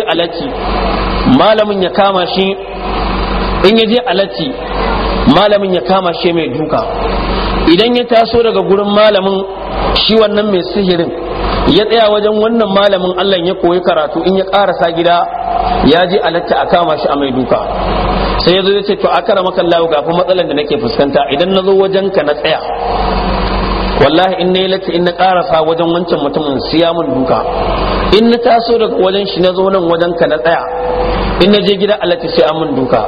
je alati malamin ya kama shi in ya je alati malamin ya kama shi mai duka idan ya taso daga gurin malamin shi wannan mai sihirin ya tsaya wajen wannan malamin Allah ya koyi karatu in ya karasa gida ya je alati a kama shi a mai duka sai ya zo ya ce to akara maka Allah gafi matsalar da nake fuskanta idan nazo zo wajen ka na tsaya wallahi in na yi in na karasa wajen wancan mutumin siya mun duka in na taso daga wajen shi na zo nan wajen ka na tsaya in na je gida Allah sai amin duka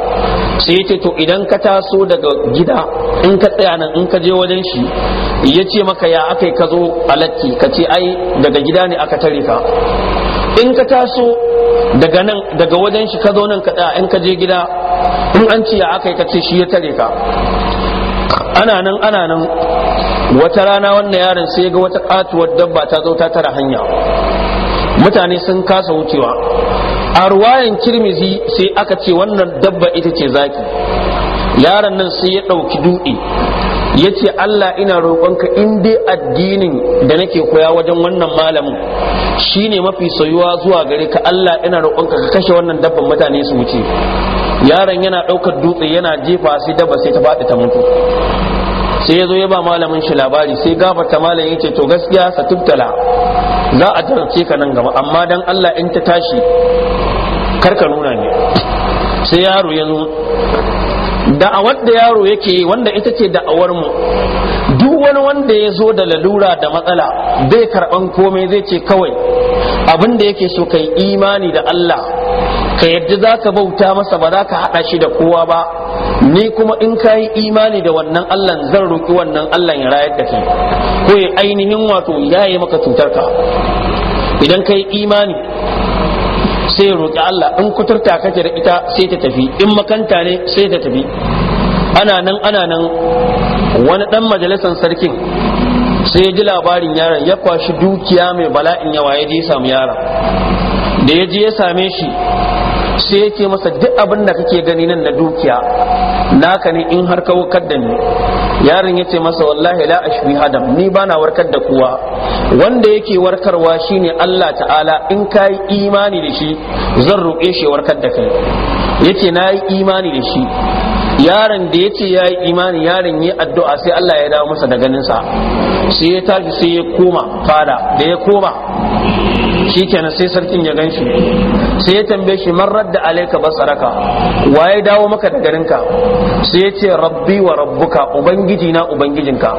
sai yace to idan ka taso daga gida in ka tsaya nan in ka je wajen shi yace maka ya akai ka zo alatti ka ce ai daga gida ne aka tare ka in ka taso daga nan daga wajen shi ka zo nan ka tsaya in ka je gida in an ce ya akai ka ce shi ya tare ka ana nan ana nan wata rana wannan yaron sai ga wata katuwar dabba ta zo ta tara hanya mutane sun kasa wucewa a ruwayan kirmizi sai aka ce wannan dabba ita ce zaki yaron nan sai ya ɗauki dutse ya ce Allah ina roƙonka in dai addinin da nake koya wajen wannan malamin shine mafi soyuwa zuwa gare ka Allah ina roƙonka ka kashe wannan dabban mutane su wuce yaron yana ɗaukar dutse yana jefa sai dabba sai ta faɗi ta mutu sai ya zo ya ba malamin shi labari sai gafarta malamin yace to gaskiya sa tubtala za a ka nan gaba amma dan Allah in ta tashi karka nuna ne sai yaro ya zo da'awar da yaro yake wanda ita ce da'awar mu duk wani wanda ya zo da lalura da matsala zai karban komai zai ce kawai abin da yake so kai imani da Allah ka yadda za ka bauta masa ba za ka hada shi da kowa ba ni kuma in ka yi imani da wannan Allah zan roƙi wannan Allah ya rayar da kai ko ya ainihin wato ya yi maka cutar ka idan ka yi imani sai ya roƙi Allah in kuturta kake da ita sai ta tafi in makanta ne sai ta tafi ana nan ana nan wani ɗan majalisar sarkin sai ya ji labarin yaron ya kwashi dukiya mai bala'in yawa ya je samu yaron da ya je ya same shi sai yake masa duk abin da kake gani nan na dukiya naka ne in har ka warkar da ni yaron yace masa wallahi la ashbi hadam ni bana warkar da kowa wanda yake warkarwa shine Allah ta'ala in kayi imani da shi zan roƙe shi warkar da kai yace nayi imani da shi yaron da ya ce ya yi imani yaron yi addu'a sai Allah ya dawo masa da ganinsa sai ya tashi sai ya koma fada da ya koma shi kenan sai sarkin ya gan shi sai ya tambaye shi man radda alaika basaraka wa ya dawo maka da garinka sai ya ce rabbi wa rabbuka ubangiji na ubangijinka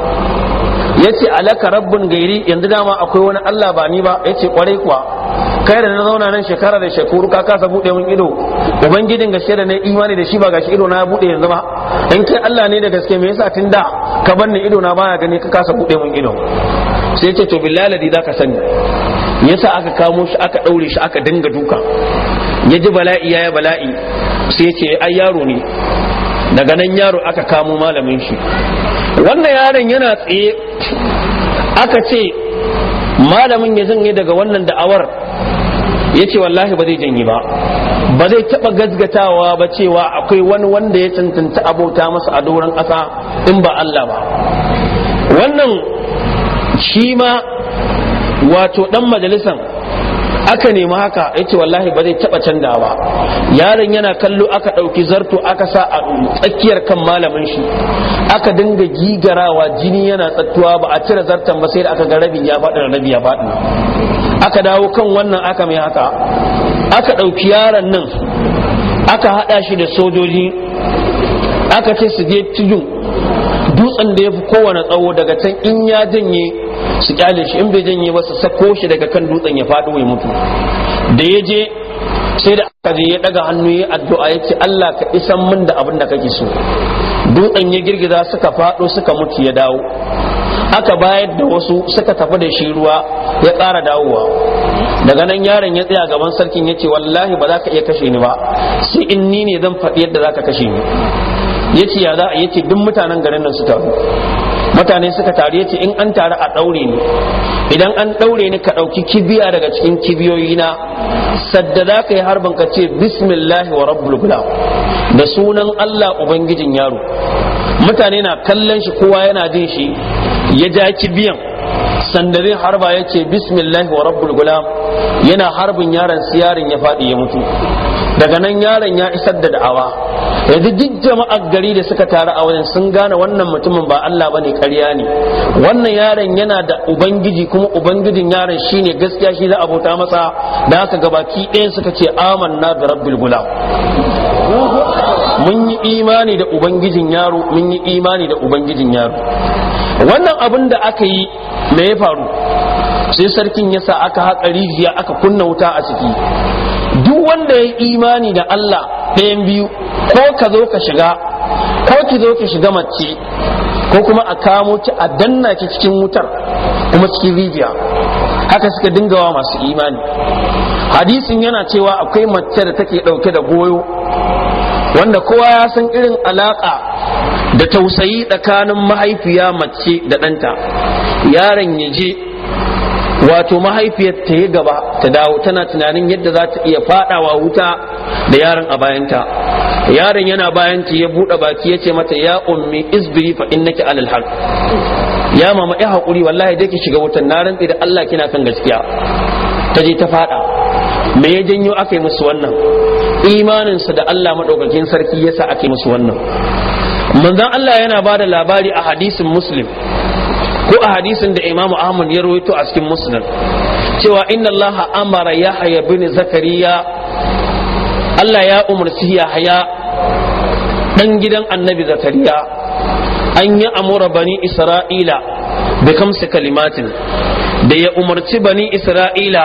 yace alaka rabbin gairi yanzu dama akwai wani Allah ba ni ba yace kwarai kuwa kai da na zauna nan shekara da shekuru ka kasa bude min ido ubangijin gaske da na imani da shi ba gashi ido na bude yanzu ba in kai Allah ne da gaske me yasa tun da ka bar ido na baya gani ka kasa bude min ido sai ce to billahi ladi zaka sani yasa aka kamo shi aka daure shi aka dinga duka ya ji bala'i ya bala'i sai ce ai yaro ne daga nan yaro aka kamo malamin shi wannan yaron yana tsaye aka ce malamin ya janye daga wannan da'awar ya ce wallahi ba zai janye ba ba zai taɓa gazgatawa ba cewa akwai wani wanda ya cancanta abota masa a doron ƙasa in ba Allah ba wannan shi ma wato dan majalisan aka nemi haka yace wallahi ba zai taba canza ba yaron yana kallo aka dauki zarto aka sa a tsakiyar kan malamin shi aka dinga gigarawa jini yana tsattuwa ba a cire zartan ba sai da aka ga rabin ya faɗi rabi ya faɗi aka dawo kan wannan aka mai haka aka dauki yaron nan aka hada shi da sojoji aka ce su je tijin dutsen da ya fi kowane tsawo daga can in ya janye su kyale shi in bai janye ba su sako shi daga kan dutsen ya faɗo ya mutu da ya je sai da aka je ya daga hannu ya addu'a ya ce Allah ka isan min da abin da kake so dutsen ya girgiza suka faɗo suka mutu ya dawo aka bayar da wasu suka tafi da shi ruwa ya ƙara dawowa daga nan yaron ya tsaya gaban sarkin ya ce wallahi ba za ka iya kashe ni ba sai in ni ne zan faɗi yadda za ka kashe ni ya ce ya za a yace duk mutanen garin nan su taru mutane suka taru yace in an taru a ɗaure ni idan an ɗaure ni ka ɗauki kibiya daga cikin kibiyoyi na sadda za ka yi harbin ka ce bismillahi wa rabbul da sunan Allah ubangijin yaro mutane na kallon shi kowa yana jin shi ya ja kibiyan sanda harba ya ce bismillahi wa rabbul yana harbin yaron siyarin ya faɗi ya mutu daga nan yaron ya isar da da'awa yanzu duk jama'ar gari da suka taru a wajen sun gane wannan mutumin ba Allah bane ƙarya ne wannan yaron yana da ubangiji kuma ubangijin yaron shine gaskiya shi za a bauta masa da haka gabaki ɗayan suka ce amanna da rabbil gulam mun yi imani da ubangijin yaro mun yi imani da ubangijin yaro wannan abin da aka yi me ya faru sai sarkin ya sa aka haƙa rijiya aka kunna wuta a ciki duk wanda ya imani da Allah ɗayan biyu ko ka zo ka shiga ko ki zo ki shiga mace ko kuma a kamo ki a danna ki cikin wutar kuma cikin rijiya haka suka dingawa masu imani hadisin yana cewa akwai mace da take ɗauke da goyo wanda kowa ya san irin alaƙa da tausayi tsakanin mahaifiya mace da ɗanta yaron ya je wato mahaifiyar ta yi gaba ta dawo tana tunanin yadda za ta iya fadawa wuta da yaron a bayanta yaron yana bayanta ya buɗe baki ya ce mata ya ummi isbiri fa innaki alal haq ya mama ya haƙuri wallahi dai ki shiga wutan na rantsi da Allah kina kan gaskiya ta je ta fada me ya janyo aka yi musu wannan sa da Allah maɗaukakin sarki yasa ake musu wannan manzon Allah yana ba da labari a hadisin muslim ko a hadisin da imam ahmad ya rawaito a cikin musnad cewa inna Allah amara yahya bin zakariya Allah ya umarci yahya dan gidan annabi zakariya an yi amura bani isra'ila da kamsa kalimatin da ya umarci bani isra'ila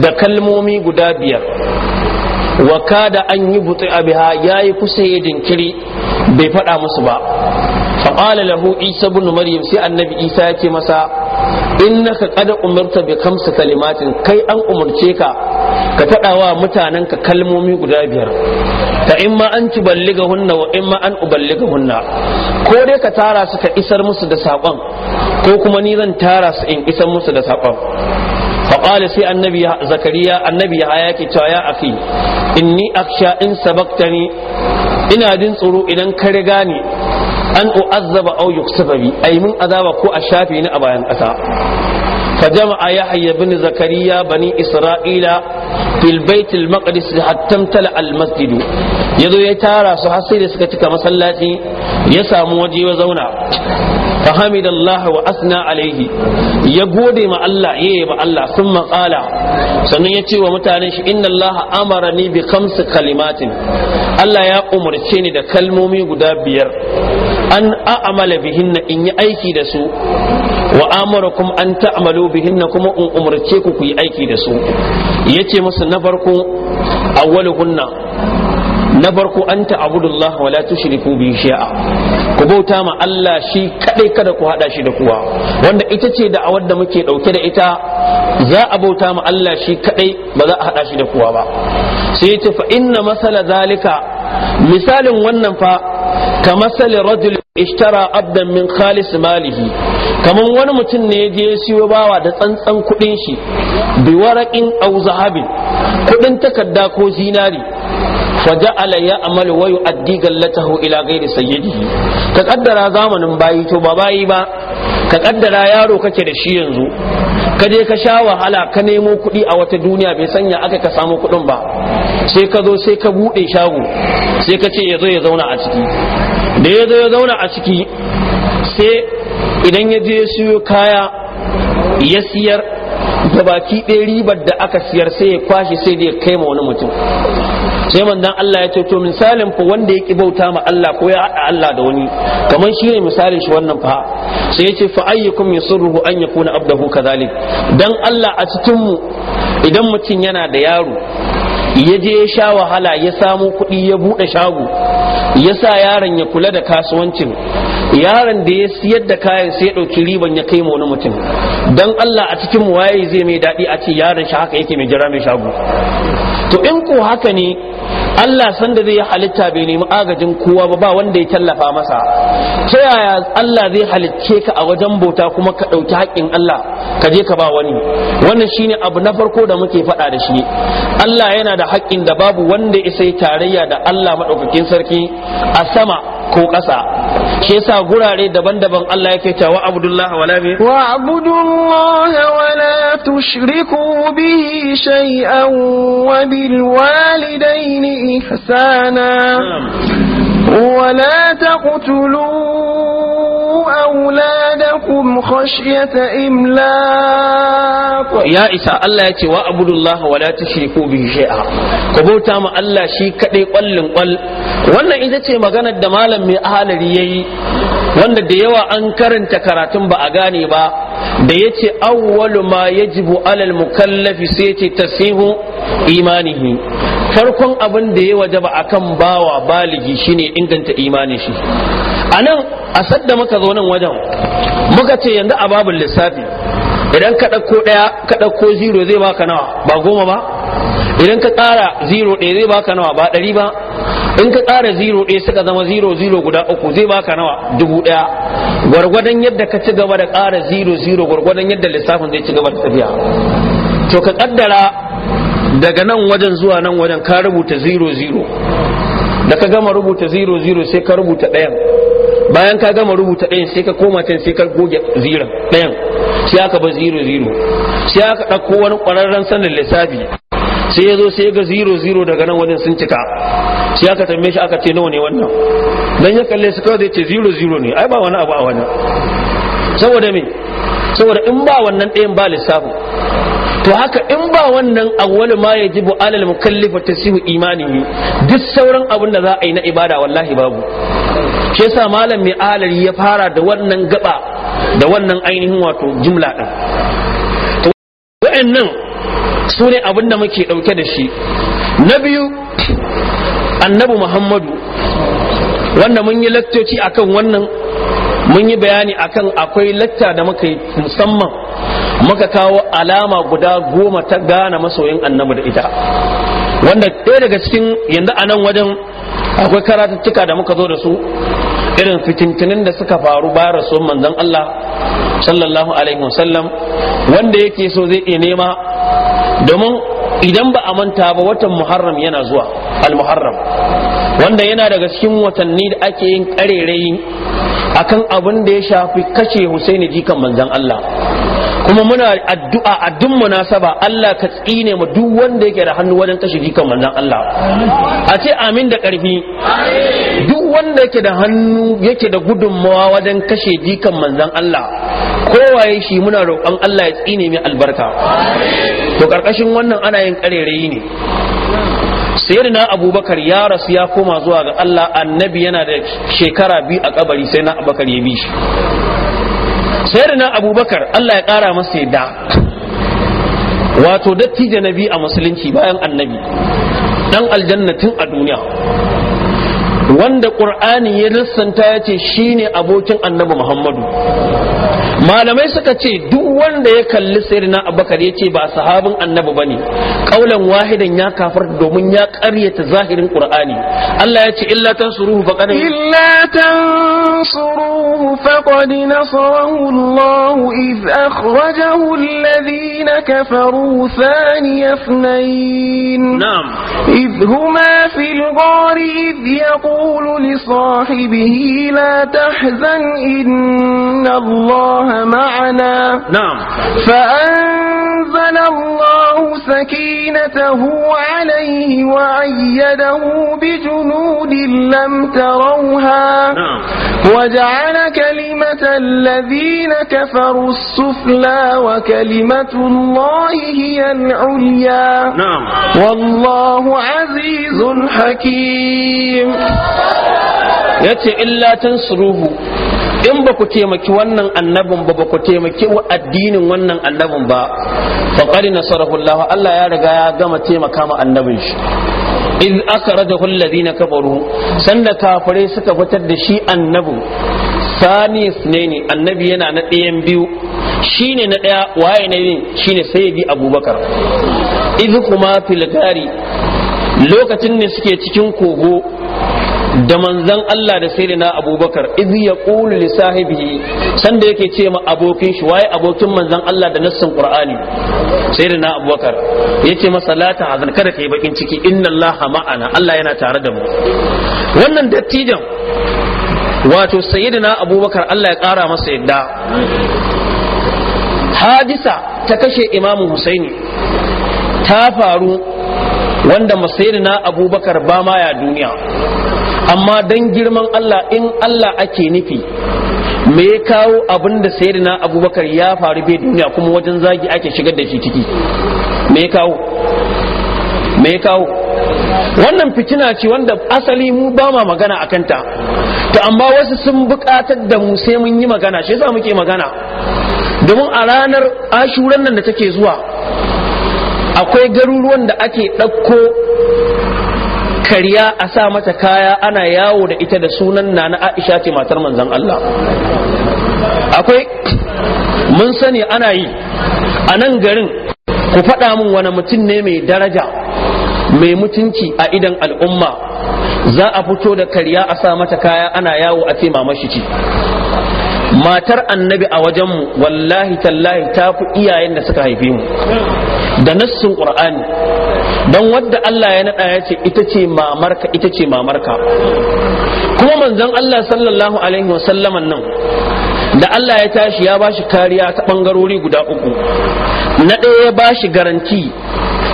da kalmomi guda biyar waka da an yi a biha ya yi kusa kusaye dinkiri bai faɗa musu ba faƙala lahu isa bin maryam sai annabi isa ya ce masa in ka kada umarta bi kamsa kalimatin kai an umarce ka ka taɗa wa mutanen ka kalmomi guda biyar ta in ma an ci balliga hunna wa in ma an uballiga hunna ko dai ka tara su ka isar musu da saƙon ko kuma ni zan tara su in isar musu da saƙon faƙala sai annabi zakariya annabi ya yake cewa ya akhi inni aksha in sabaktani ina jin tsoro idan ka riga ni an u'azzaba aw yuksafa bi ay min azaba ko a shafe ni a bayan ƙasa فجمع يحيى بن زكريا بني إسرائيل في البيت المقدس حتى امتلأ المسجد يدو يتارى سحسير سكتك مسلاتي يسام وجي وزونا فحمد الله وأثنى عليه يقول ما الله يي ما الله ثم قال سنيتي ومتانيش إن الله أمرني بخمس كلمات الله يا أمر شيني دا كلمومي قدابير an a'amala bihinna in yi aiki da su wa amarakum an ta'malu bihinna kuma in umarce ku ku yi aiki da su yace musu na farko awwaluhunna na farko an ta'budullah wa la tushriku bi shay'a ku bauta ma Allah shi kadai kada ku hada shi da kuwa wanda ita ce da awar da muke dauke da ita za a bauta ma Allah shi kadai ba za a hada shi da kuwa ba sai ta fa inna masala zalika misalin wannan fa kamasali rajul ishtara abdan min khalis malihi kamar wani mutum ne ya je ya siyo bawa da tsantsan kudin shi bi waraƙin aw zahabin kudin takarda ko zinari فجعل يعمل ويؤدي قلته الى غير سيده تقدر zamanin bayi to ba bayi ba ka kaddara yaro kake da shi yanzu ka je ka sha wahala ka nemo kuɗi a wata duniya bai sanya aka ka samu kuɗin ba sai ka zo sai ka buɗe shago sai ka ce ya zo ya zauna a ciki da ya zo ya zauna a ciki sai idan ya je siyo kaya ya siyar da baki ɗaya ribar da aka siyar sai ya kwashe sai da ya kai ma wani mutum sai manzon Allah ya ce to misalin fa wanda ya bauta ma Allah ko ya haɗa Allah da wani kamar shi ne misalin shi wannan fa sai ya ce fa ayyukum ruhu an yakuna abdahu kadhalik dan Allah a cikin mu idan mutum yana da yaro ya je ya sha wahala ya samu kuɗi ya buɗe shago ya sa yaron ya kula da kasuwancin yaron da ya siyar da kayan sai ya ɗauki riban ya kai wani mutum don Allah a cikin waye zai mai daɗi a ce yaron shi haka yake mai jira mai shago to in ko haka ne Allah san da zai halitta bai nemi agajin kowa ba ba wanda ya tallafa masa ta yaya Allah zai halicce ka a wajen bauta kuma ka ɗauki haƙƙin Allah ka je ka ba wani wannan shine abu na farko da muke faɗa da shi Allah yana da haƙƙin da babu wanda isa tarayya da Allah maɗaukakin sarki a sama ko ƙasa shi yasa gurare daban-daban Allah yake cewa abdullah wa la wa abdullah wa la tushriku bihi shay'an wa bil walidayni ihsana ولا تقتلوا أولادكم خشية إملاق يا إساء الله يتي وأبد الله ولا تشركوا به شيئا كبوتا ما الله شي كدي قل قل وانا إذا تي مغانا الدمالا من أهل ريي wanda da yawa an karanta karatun ba a gane ba da yace ce awwalu ma yajibu alal mukallafi sai ce tasihu imanihi farkon abin da ya wajaba akan bawa baligi shine inganta imanin shi a nan a sadda muka zo nan wajen muka ce yanzu a babin lissafi idan ka ɗauko ɗaya ka ɗauko zero zai baka nawa ba goma ba idan ka ƙara zero ɗaya zai baka nawa ba ɗari ba in ka ƙara zero ɗaya suka zama zero zero guda uku zai baka nawa dubu ɗaya gwargwadon yadda ka ci gaba da ƙara zero zero gwargwadon yadda lissafin zai ci gaba da tafiya to ka ƙaddara daga nan wajen zuwa nan wajen ka rubuta zero zero da ka gama rubuta zero zero sai ka rubuta ɗayan bayan ka gama rubuta ɗayan sai ka koma can sai ka goge zero ɗayan sai aka bar zero zero sai aka ɗauko wani ƙwararren sanin lissafi sai ya zo sai ya ga zero zero daga nan wajen sun cika sai aka tambaye shi aka ce nawa ne wannan dan ya kalle su kawai zai ce zero zero ne ai ba wani abu a wani saboda me saboda in ba wannan ɗayan ba lissafin to haka in ba wannan awwal ma yajibu alal mukallifa tasihu imanihi duk sauran abin da za a yi na ibada wallahi babu shi yasa malam mai alal ya fara da wannan gaba da wannan ainihin wato jumla din to wa'annan su ne abin da muke ɗauke da shi na biyu annabi muhammadu wanda mun yi lakcoci akan wannan mun yi bayani akan akwai latta da muka musamman muka kawo alama guda goma ta gane masoyin annabi da ita wanda ɗaya daga cikin yanzu a nan wajen akwai karatuttuka da muka zo da su irin fitintinin da suka faru bayan rasuwan manzon Allah sallallahu alaihi wasallam wanda yake so zai iya nema domin idan ba a manta ba watan muharram yana zuwa al-muharram wanda yana daga cikin watanni da ake yin karerayi akan abin da ya shafi kashe husaini jikan manzon Allah kuma muna addu'a a duk munasaba Allah ka tsine mu duk wanda yake da hannu wajen kashe jikan manzon Allah a ce amin da karfi duk wanda yake da hannu yake da gudunmawa wajen kashe jikan manzon Allah kowaye shi muna roƙon Allah ya tsine mai albarka to karkashin wannan ana yin ƙarerayi ne na abubakar ya rasu ya koma zuwa ga Allah annabi yana da shekara biyu a kabari sai na abubakar ya bi shi na abubakar Allah ya ƙara masa da wato dattijo biyu a musulunci bayan annabi dan aljannatin a duniya wanda qur'ani ya lissanta ya ce shine abokin annabi muhammadu malamai suka ce duk wanda ya kalli sirina abubakar ya ce ba sahabin annabi ba ne ƙaulan wahidan ya kafar domin ya ƙaryata zahirin ƙur'ani Allah ya ce illa tan suruhu fa qad illa tan suruhu fa qad nasarahu Allah iz akhrajahu alladhina kafaru thaniya ithnain na'am iz huma fil ghar iz yaqulu li sahibihi la tahzan inna Allah الله معنا نعم فأنزل الله سكينته عليه وأيده بجنود لم تروها نعم وجعل كلمة الذين كفروا السفلى وكلمة الله هي العليا نعم والله عزيز حكيم يأتي إلا تنصره in ba ku taimaki wannan annabin ba ba ku taimaki wa addinin wannan annabin ba faqad nasarahu Allah Allah ya riga ya gama taimaka ma annabin shi iz akhrajahu alladhina kafaru sanda kafare suka fitar da shi annabin sani ne ne annabi yana na ɗayan biyu shine na ɗaya waye ne shine sayyidi abubakar iz kuma fil lokacin ne suke cikin kogo da manzan Allah da sayyidina Abubakar ya yaqulu li sahibihi sanda yake ce ma abokin shi waye abokin manzan Allah da nassin Qur'ani sayyidina Abubakar yace masa la ta'zan kada yi bakin ciki inna Allah ma'ana Allah yana tare da mu wannan dattijan wato sayyidina Abubakar Allah ya ƙara masa yadda hadisa ta kashe Imam Husaini ta faru wanda masayyidina Abubakar ba ma ya duniya amma dan girman Allah in Allah ake nufi me ya kawo abin da na abubakar ya faru bai duniya kuma wajen zagi ake shigar da shi ciki me ya kawo me ya kawo wannan fitina ce wanda asali mu ba ma magana a ta to amma wasu sun buƙatar da mu sai mun yi magana shi yasa muke magana domin a ranar ashuran nan da take zuwa akwai garuruwan da ake ɗauko Kariya a sa mata kaya ana yawo da ita da sunan nana aisha ce matar manzan Allah akwai mun sani ana yi a nan garin ku faɗa min wani mutum ne mai daraja mai mutunci a idan al'umma za a fito da kariya a sa mata kaya ana yawo a ce mamashi ce matar annabi a wajenmu wallahi tallahi ta fi iyayen da suka haife mu da nassin ƙur'ani don wadda Allah ya naɗa ya ce ita ce mamarka ita ce mamarka kuma manzon Allah sallallahu alaihi wasallaman nan da Allah ya tashi ya bashi kariya ta bangarori guda uku na ɗaya ya bashi garanti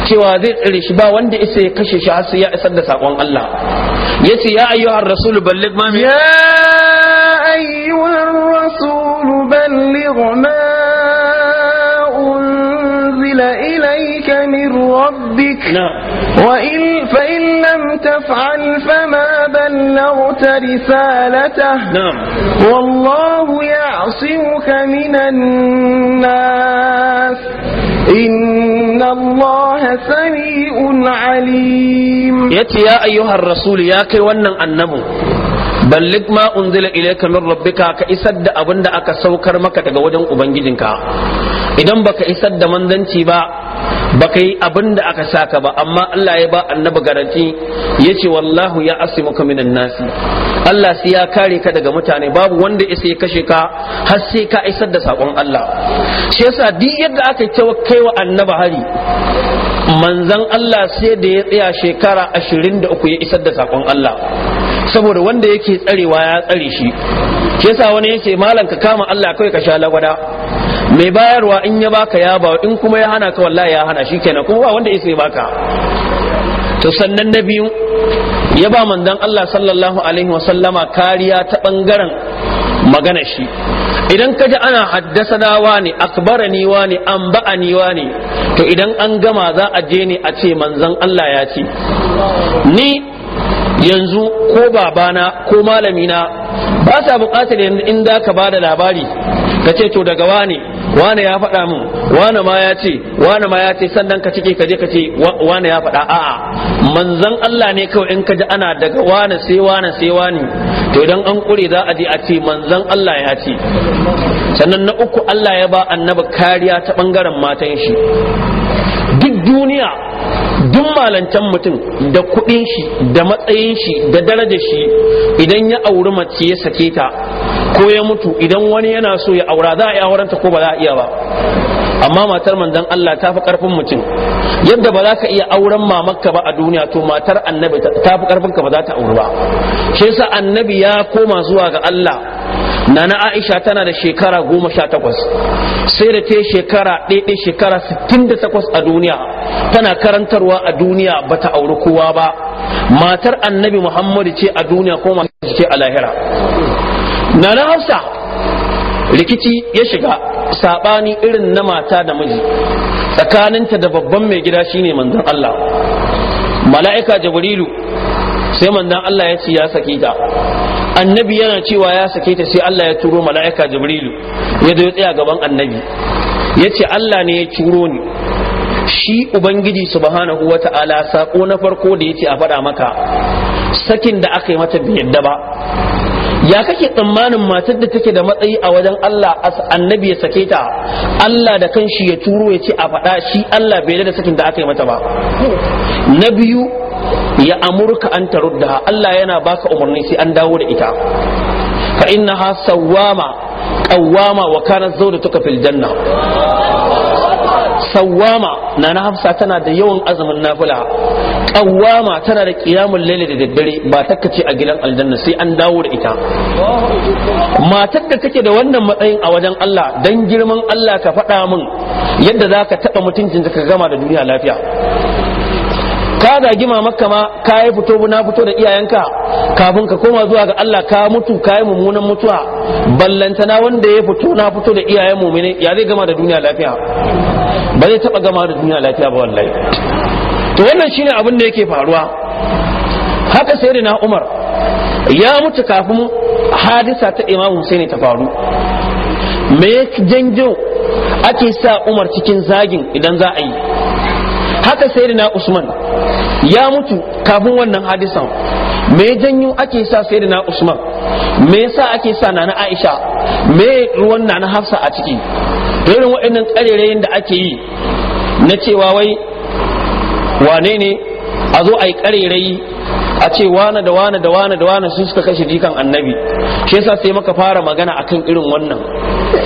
cewa zai tsire shi ba wanda isa ya kashe shi har sai ya isar da saƙon Allah ya ce ya ayyuhar rasul balligh ma ya ayyuhar rasul balligh ma من ربك نعم. وإن فإن لم تفعل فما بلغت رسالته نعم. والله يعصمك من الناس إن الله سميع عليم يتي يا أيها الرسول يا كيوانا النمو بلغ ما أنزل إليك من ربك كإسد أبند أكسوكر مكة وجن أبنجدنك idan baka isar da manzanci ba baka yi abin da aka saka ba amma Allah ya ba annabi garanti ya ce wallahu ya asimuka minan nasi Allah sai ya kare ka daga mutane babu wanda isa ya kashe ka har sai ka isar da sakon Allah shi yasa duk yadda aka kai wa annabi hari manzan Allah sai da ya tsaya shekara ashirin da ya isar da sakon Allah saboda wanda yake tsarewa ya tsare shi yasa wani yake malam ka kama Allah kai ka sha lagwada mai bayarwa in ya baka ya ba in kuma ya hana ka wallahi ya hana shikenan kuma ba wanda yasa ya baka to sannan na biyu ya ba manzon Allah sallallahu alaihi wasallama kariya ta bangaren magana shi idan ka ji ana haddasa dawa ne akbarani wa ne an ba'a wa ne to idan an gama za a je ne a ce manzon Allah ya ce ni yanzu ko babana ko malamina ba sa bukatar yanzu in za ka ba da labari ka ce to daga wani wane ya faɗa min wane ma ya ce wane ma ya ce sannan ka cike ka je ka ce wane ya faɗa a'a manzan Allah ne kawai in ka ji ana daga wane sai wane sai wane to idan an kure za a je a ce manzan Allah ya ce sannan na uku Allah ya ba annabi kariya ta bangaren matan shi duk duniya duk malancan mutum da kuɗin shi da matsayin shi da darajar shi idan ya auri mace ya sake ta ko ya mutu idan wani yana so ya aura za a yi aurenta ko ba za a iya ba amma matar manzon Allah ta fi karfin mutum yadda ba za ka iya auren mamakka ba a duniya to matar annabi ta fi karfin ka ba za ta auri ba shi yasa annabi ya koma zuwa ga Allah nana Aisha tana da shekara goma sha takwas sai da ta shekara ɗaiɗai shekara sittin da takwas a duniya tana karantarwa a duniya ba ta auri kowa ba matar annabi Muhammadu ce a duniya ko ma ce a lahira na na hausa rikici ya shiga saɓani irin na mata da miji tsakaninta da babban mai gida shine manzon Allah mala'ika jibrilu sai manzon Allah ya ce ya sake ta annabi yana cewa ya sake ta sai Allah ya turo mala'ika jibrilu ya zo tsaya gaban annabi ya ce Allah ne ya turo ni shi ubangiji subhanahu wata'ala sako na farko da ya ce a faɗa maka sakin da aka yi mata bai yadda ba ya kake tsammanin matar da take da matsayi a wajen Allah annabi ya sake ta Allah da kanshi ya turo ya ce a faɗa shi Allah bai da sakin da aka yi mata ba na biyu ya amurka an tarudda Allah yana baka umarni sai an dawo da ita fa innaha sawwama qawwama wa kanat zawdatuka fil janna sawama na na hafsa tana da yawan azumin nafila kawama tana da kiyamun laili da daddare ba takkace a gidan aljanna sai an dawo da ita matar da take da wannan matsayin a wajen Allah dan girman Allah ka faɗa min yadda za ka taɓa mutuncin ka gama da duniya lafiya ka zagi mamakka ma ka yi fito na fito da iyayenka kafin ka koma zuwa ga Allah ka mutu ka yi mummunan mutuwa ballantana wanda ya fito na fito da iyayen mumine ya zai gama da duniya lafiya ba zai taba gama da duniya lafiya ba wallahi to wannan shine abin da yake faruwa haka sai na Umar ya mutu kafin hadisa ta Imam Husaini ta faru me ya janjo ake sa Umar cikin zagin idan za a yi haka sayyidina usman ya mutu kafin wannan hadisan me janyo ake sa sayyidina usman me yasa ake sa nana aisha me ruwan nana hafsa a ciki irin waɗannan tsarereyin da ake yi na cewa wai wane ne a zo a yi ƙarerayi a ce wane da wane da wane da wane su suka kashe jikan annabi shi yasa sai maka fara magana akan irin wannan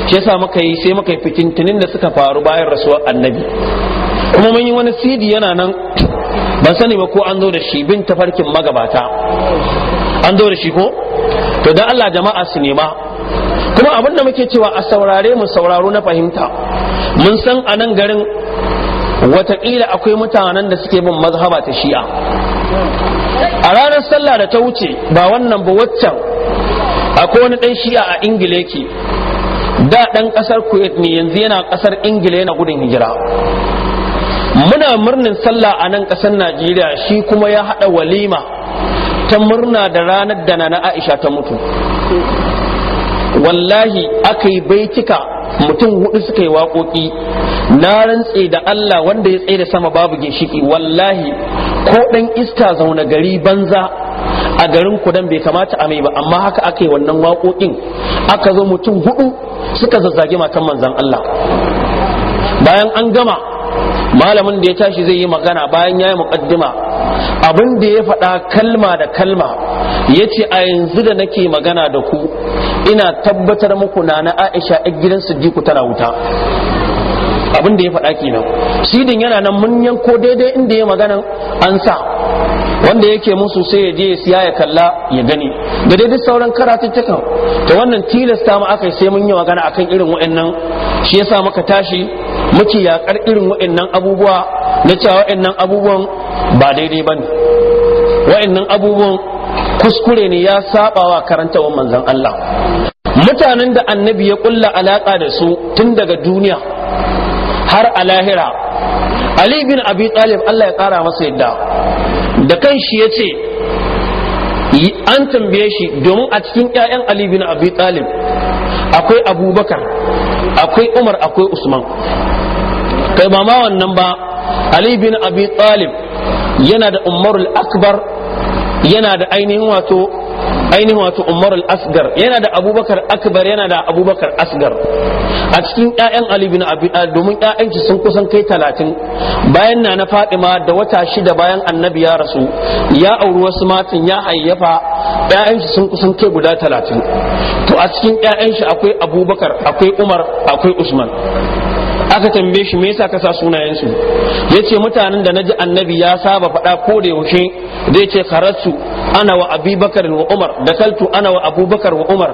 shi yasa muka yi sai muka yi fitintunin da suka faru bayan rasuwar annabi kuma mun yi wani cd yana nan ban sani ba ko an zo da shi bin tafarkin magabata an zo da shi ko to dan Allah jama'a su nema kuma abin da muke cewa a saurare mu sauraro na fahimta mun san a nan garin watakila akwai mutanen da suke bin mazhaba ta shi'a a ranar sallah da ta wuce ba wannan ba waccan akwai wani dan shi'a a ingila yake da dan kasar kuwait ne yanzu yana kasar ingila yana gudun hijira muna murnin sallah a nan ƙasar najeriya shi kuma ya haɗa walima ta murna da ranar da na aisha ta mutu wallahi aka yi baitika mutum hudu suka yi waƙoƙi na rantse da Allah wanda ya tsaye da sama babu ginshiki wallahi ko ɗan ista zaune gari banza a garin kudan bai kamata a mai ba amma haka aka yi wannan waƙoƙin aka zo mutum hudu suka zazzage matan manzan Allah bayan an gama malamin da ya tashi zai yi magana bayan ya yi muƙaddima abin da ya faɗa kalma da kalma ya ce a yanzu da nake magana da ku ina tabbatar muku na na aisha a gidan siddiku tana wuta abin da ya faɗa kenan sidin yana nan mun yanko daidai inda ya magana an sa wanda yake musu sai ya je ya siya ya kalla ya gani da daidai sauran karatuttukan ta wannan tilasta mu aka sai mun yi magana akan irin wa'annan shi yasa muka tashi muke yakar irin wa'annan abubuwa na cewa wa'annan abubuwan ba daidai ba bane wa'annan abubuwan kuskure ne ya sabawa karantawan manzon Allah mutanen da annabi ya kulla alaka da su tun daga duniya har a lahira ali bin abi talib Allah ya kara masa yadda da kan shi ya ce an tambaye shi domin a cikin 'ya'yan ali bin abi talib akwai abubakar akwai umar akwai usman kai ba ma wannan ba ali bin abi talib yana da umarul akbar yana da ainihin wato ainihin wato umar al-asgar yana da abubakar akbar yana da abubakar asgar a cikin 'ya'yan ali bin abi domin 'ya'yanci sun kusan kai talatin bayan na na fatima da wata shida bayan annabi ya rasu ya auri wasu matan ya hayyafa 'ya'yanci sun kusan kai guda talatin to a cikin 'ya'yanci akwai abubakar akwai umar akwai usman aka tambaye shi me yasa ka sa sunayensu yace mutanen da naji annabi ya saba faɗa ko da yaushe zai ce kharatsu ana wa abubakar wa umar da kaltu ana wa abubakar wa umar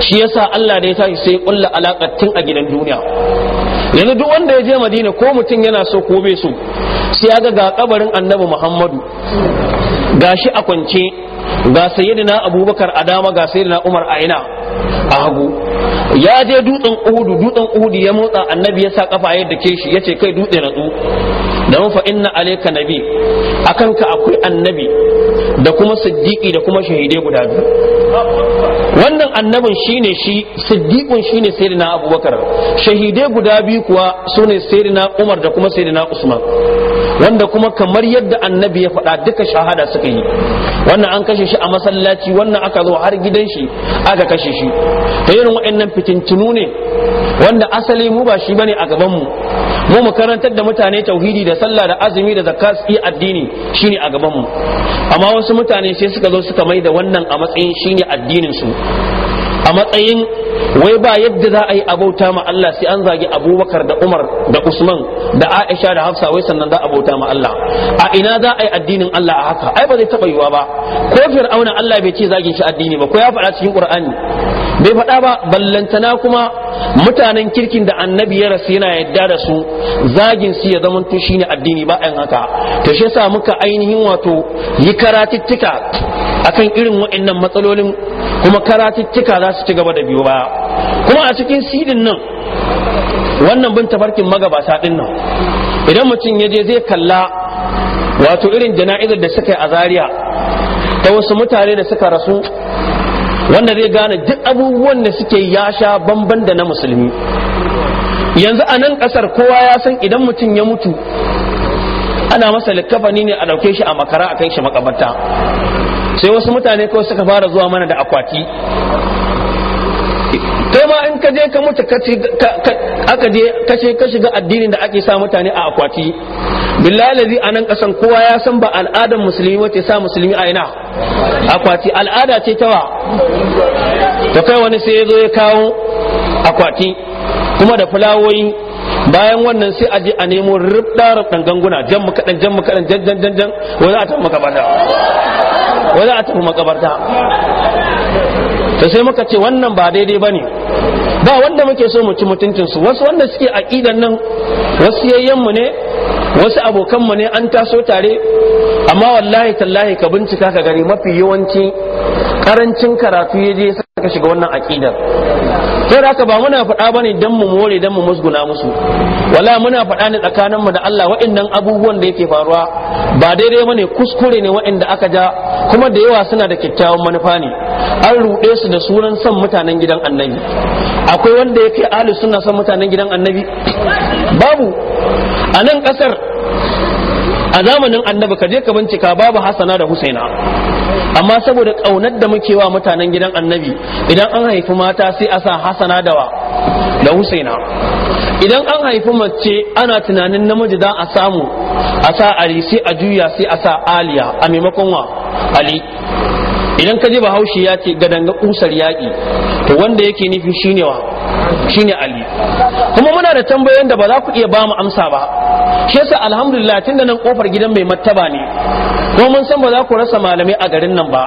shi yasa Allah da ya tashi sai kulla alaƙar tun a gidan duniya yanzu duk wanda ya je madina ko mutum yana so ko bai so sai ya ga ga kabarin annabi muhammadu gashi a kwance ga sayyidina abubakar a dama ga sayyidina umar a ina a hagu ya je dutsen uhudu dutsen uhudu ya motsa annabi ya sa kafa yadda ke shi ya ce kai dutse na tsu da mafa inna alaika nabi a kanka akwai annabi da kuma siddiqi da kuma shahidai guda biyu wannan annabin shine shi siddiqun shine sayyidina abubakar shahidai guda biyu kuwa sune sayyidina umar da kuma sayyidina usman wanda kuma kamar yadda annabi ya faɗa duka shahada suka yi wannan an kashe shi a masallaci wannan aka zo har gidan shi aka kashe shi ta irin wa'annan fitintunu ne wanda asali mu ba shi bane a gaban mu mu mu karantar da mutane tauhidi da sallah da azumi da zakat yi addini shine a gaban mu amma wasu mutane sai suka zo suka mai da wannan a matsayin shine addinin su a matsayin wai ba yadda za a yi abauta ma Allah sai an zagi abubakar da umar da usman da aisha da hafsa wai sannan za a bauta ma Allah a ina za a yi addinin Allah a haka ai ba zai taɓa yiwa ba ko fir'auna Allah bai ce zagin shi addini ba ko ya faɗa cikin qur'ani bai faɗa ba ballantana kuma mutanen kirkin da annabi ya rasu yana yadda da su zagin su ya zama tushi ne addini ba ayin haka to shi sa muka ainihin wato yi karatittika akan irin waɗannan matsalolin kuma karatittika za su ci gaba da biyu ba kuma a cikin sidin nan wannan bin tafarkin magabata din nan idan mutum ya je zai kalla wato irin jana'izar da suka yi a zaria ta wasu mutane da suka rasu wanda zai gane duk abubuwan da suke yasha sha bamban da na musulmi yanzu a nan kasar kowa ya san idan mutum ya mutu ana masa likafani ne a dauke shi a makara a kai shi makabarta sai wasu mutane kawai suka fara zuwa mana da akwati ka je ka mutu aka je kashe ka shiga addinin da ake sa mutane a akwati billahi a nan kasan kowa ya san ba al'adar musulmi wace sa musulmi a ina akwati al'ada ce tawa wa kai wani sai ya zo ya kawo akwati kuma da fulawoyi bayan wannan sai aje a nemo rubdar dan ganguna jan mu kadan jan mu kadan jan jan jan wani a tafi makabarta wani a tafi makabarta ta sai muka ce wannan ba daidai ba ne ba wanda muke so mu ci mutuncin su wasu wanda suke aqidan nan wasu yayyen mu ne wasu abokan mu ne an taso tare amma wallahi tallahi ka bincika ka gani mafi yawanci karancin karatu ya sa ka shiga wannan aqidar sai da ba muna faɗa bane dan mu more dan mu musguna musu wala muna faɗa ne tsakanin mu da Allah waɗannan abubuwan da yake faruwa ba daidai bane kuskure ne aka ja kuma da yawa suna da kyakkyawan manufa ne an ruɗe su da sunan san mutanen gidan annabi akwai wanda yake ahli sunna san mutanen gidan annabi babu a nan ƙasar. a zamanin annabi ka je ka bincika babu hasana da husaina amma saboda ƙaunar da muke wa mutanen gidan annabi idan an haifi mata sai a sa hasana da wa da husaina idan an haifi mace ana tunanin namiji za a samu a sa ali sai a juya sai a sa aliya a maimakon wa ali idan ka je bahaushe ya ce gadanga kusar yaƙi to wanda yake nufi shine wa shine ali kuma muna da tambayoyin da ba za ku iya ba mu amsa ba shi yasa alhamdulillah tunda nan kofar gidan mai martaba ne ko mun san ba za ku rasa malamai a garin nan ba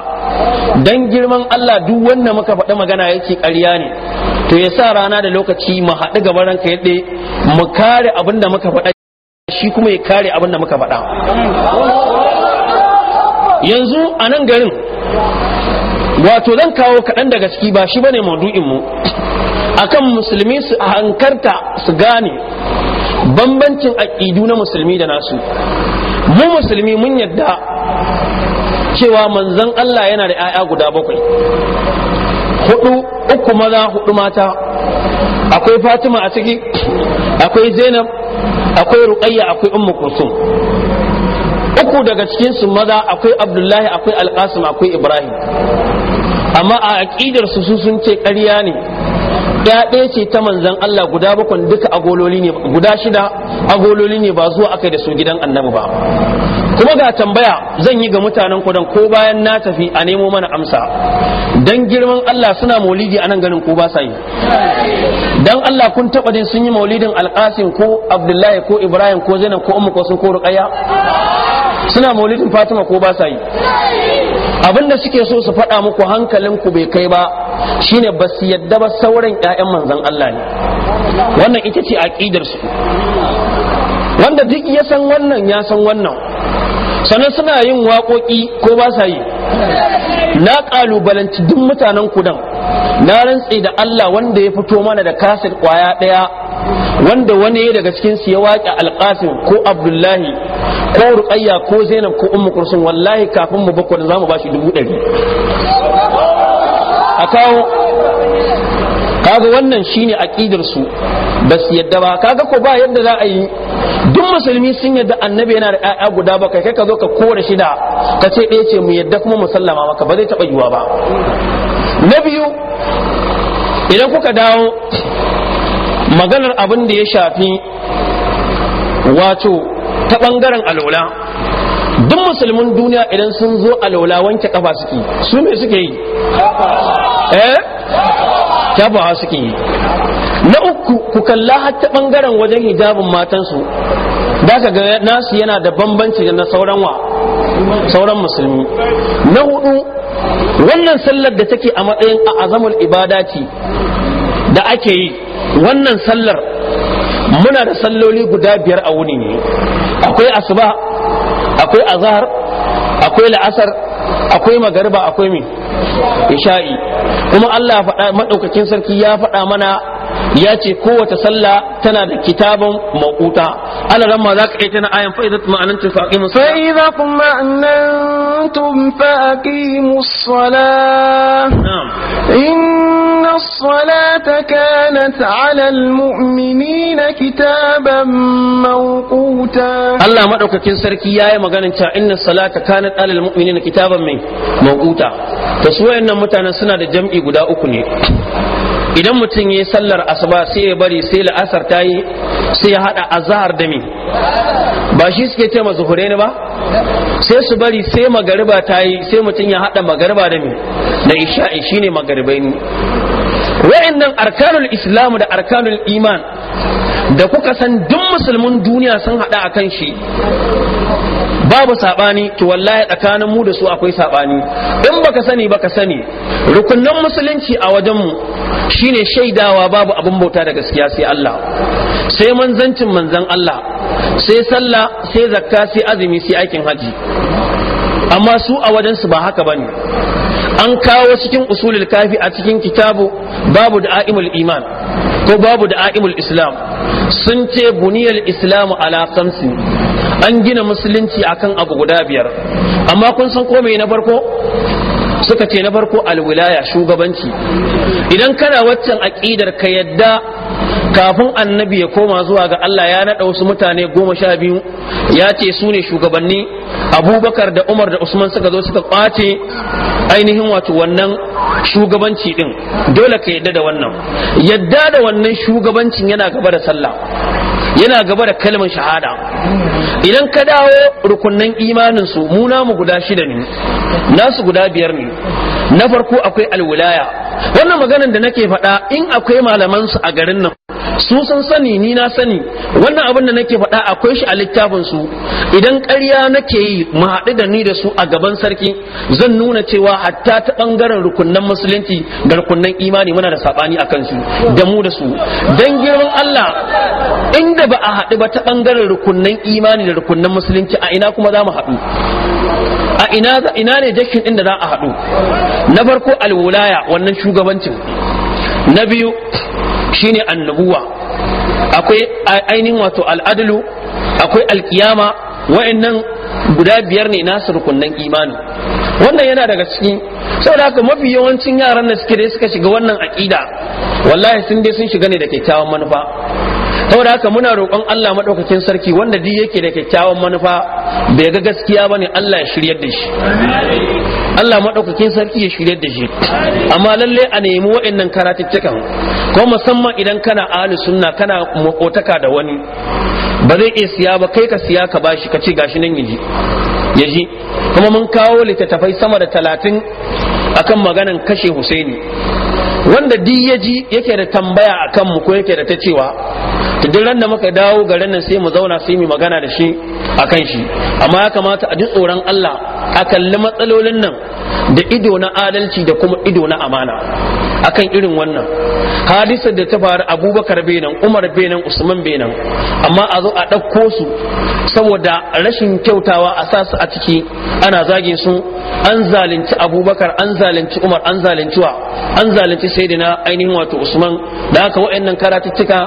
dan girman Allah duk wanda muka faɗi magana yake ƙarya ne to ya sa rana da lokaci mu haɗu gaban ranka yadda mu kare abin da muka faɗa shi kuma ya kare abin da muka faɗa yanzu a nan garin wato zan kawo kaɗan daga ciki ba shi bane maudu'in mu akan musulmi su hankarta su gane bambancin aƙidu na musulmi da nasu mu musulmi mun yadda cewa manzon Allah yana da 'ya'ya guda bakwai hudu uku maza hudu mata akwai fatima a ciki akwai zainab akwai ruqayya akwai ummu kulsum uku daga cikin su maza akwai abdullahi akwai alqasim akwai ibrahim amma a aqidar su sun ce ƙarya ne guda ɗaya ce ta manzan Allah guda bakwai duka agololi ne guda shida agololi ne ba zuwa aka da su gidan annabi ba kuma ga tambaya zan yi ga mutanen kudan ko bayan na tafi a nemo mana amsa dan girman Allah suna maulidi a nan ganin ko ba sa yi dan Allah kun taba din sun yi maulidin alƙasim ko abdullahi ko ibrahim ko zainab ko ummu ko sun ko ruqayya suna maulidin fatima ko ba sa yi abin da suke so su faɗa muku hankalinku bai kai ba shine ba su yadda ba sauran 'ya'yan manzan Allah ne wannan ita ce aƙidar su wanda duk ya san wannan ya san wannan sannan suna yin waƙoƙi ko ba sa yi na ƙalubalanci duk mutanen kudan na rantse da Allah wanda ya fito mana da kasir ƙwaya ɗaya wanda wani daga cikin su ya waƙe alƙasim ko abdullahi ko ruqayya ko zainab ko ummu kursun wallahi kafin mu bakwai za mu bashi dubu ɗari a kawo kaga wannan shine aqidar su ba su yadda ba kaga ko ba yadda za a yi duk musulmi sun yadda annabi yana da ƴaƴa guda ba kai ka zo ka kore shida ka ce ɗaya ce mu yadda kuma mu sallama maka ba zai taɓa yiwa ba na biyu idan kuka dawo maganar abin da ya shafi wato ta ɓangaren alola duk musulmin duniya idan sun zo alola wanke kafa suke su me suke yi eh suke yi na uku ku kalla har ta ɓangaren wajen hijabin matansu da ka ga nasu yana da bambanci da na sauran wa sauran musulmi na hudu wannan sallar da take a matsayin a azamul ibada ce da ake yi wannan sallar muna da salloli guda biyar a wuni ne akwai asuba akwai azhar akwai la'asar akwai magariba akwai mi isha'i kuma Allah faɗa madaukakin sarki ya faɗa mana ya ce kowace sallah tana da kitabun makuta ala ran ma za ka tana ayan fa idat ma'anantum fa aqimus fa kuma kum ma'anantum fa aqimus salah إن الصلاة كانت على المؤمنين كتابا موقوتا الله ما دوكا كين سركي ياي maganin cewa inna salata kanat alal mu'minina kitaban mai mawquta to su wayannan mutanen suna da jam'i guda uku ne idan mutum yi sallar asuba sai ya bari sai la'asar ta yi sai ya hada azhar da mi ba shi suke ce ma zuhure ne ba sai su bari sai magariba ta yi sai mutum ya hada magariba da me da isha'i shine magaribai ne nan arkanul islam da arkanul iman da kuka san duk musulmin duniya sun hada kan shi babu sabani to wallahi tsakanin mu da su akwai saɓani. in baka sani baka sani rukunin musulunci a wajen mu shine shaidawa babu abin bauta da gaskiya sai Allah sai manzancin manzan Allah sai sallah sai zakka sai azumi sai aikin haji amma su a wajensu ba haka bane an kawo cikin usulul kafi a cikin kitabu babu da a'imul iman ko babu da a'imul islam sun ce buniyal islamu ala khamsi an gina musulunci akan abu guda biyar amma kun san ko na farko suka ce na farko alwilaya shugabanci idan kana waccan aƙidar ka yadda kafin annabi ya koma zuwa ga Allah ya naɗa wasu mutane goma sha biyu ya ce su ne shugabanni abubakar da umar da usman suka zo suka kwace ainihin wato wannan shugabanci ɗin dole ka yadda da wannan yadda da wannan shugabancin yana gaba da sallah yana gaba da kalmar shahada idan ka dawo rukunnan imanin su mu namu guda shida ne nasu guda biyar ne na farko akwai alwilaya wannan maganar da nake faɗa in akwai malaman su a garin nan su sun sani ni na sani wannan abin da nake faɗa akwai shi a littafin su idan ƙarya nake yi mu haɗu da ni da su a gaban sarki zan nuna cewa hatta ta ɓangaren rukunnan musulunci da rukunnan imani muna da saɓani a kansu da mu da su dan girman Allah inda ba a haɗu ba ta ɓangaren rukunnan imani da rukunnan musulunci a ina kuma za mu haɗu a ina ina ne jakin inda za a haɗu na farko alwulaya wannan shugabancin na biyu shine annabuwa akwai ainihin wato al'adalu akwai alkiyama wa'annan guda biyar ne nasu rukunnan imani wannan yana daga cikin saboda haka mafi yawancin yaran da suke da suka shiga wannan aƙida wallahi sun dai sun shiga ne da kyakkyawan manufa saboda haka muna roƙon Allah maɗaukakin sarki wanda duk yake da kyakkyawan manufa bai ga gaskiya bane Allah ya shiryar da shi Allah maɗaukakin sarki ya shiryar da shi amma lalle a nemi waɗannan karatuttukan ko musamman idan kana ahli sunna kana motaka da wani ba zai iya siya ba kai ka siya ka bashi ka ce gashi nan yaji yaji kuma mun kawo littattafai sama da talatin akan maganan kashe Husaini wanda duk yaji yake da tambaya akan mu ko yake da ta cewa duk ran da muka dawo garin nan sai mu zauna sai mu magana da shi akan shi amma ya kamata a ji tsoron Allah a kalli matsalolin nan da ido na adalci da kuma ido na amana akan irin wannan hadisar da ta faru abubakar benin umar benin usman benin amma a zo a ɗauko su saboda rashin kyautawa a sa su a ciki ana zagin su an zalunci abubakar an zalunci umar an zalunci wa an zalunci na ainihin wato usman da wa'in waɗannan karatuttuka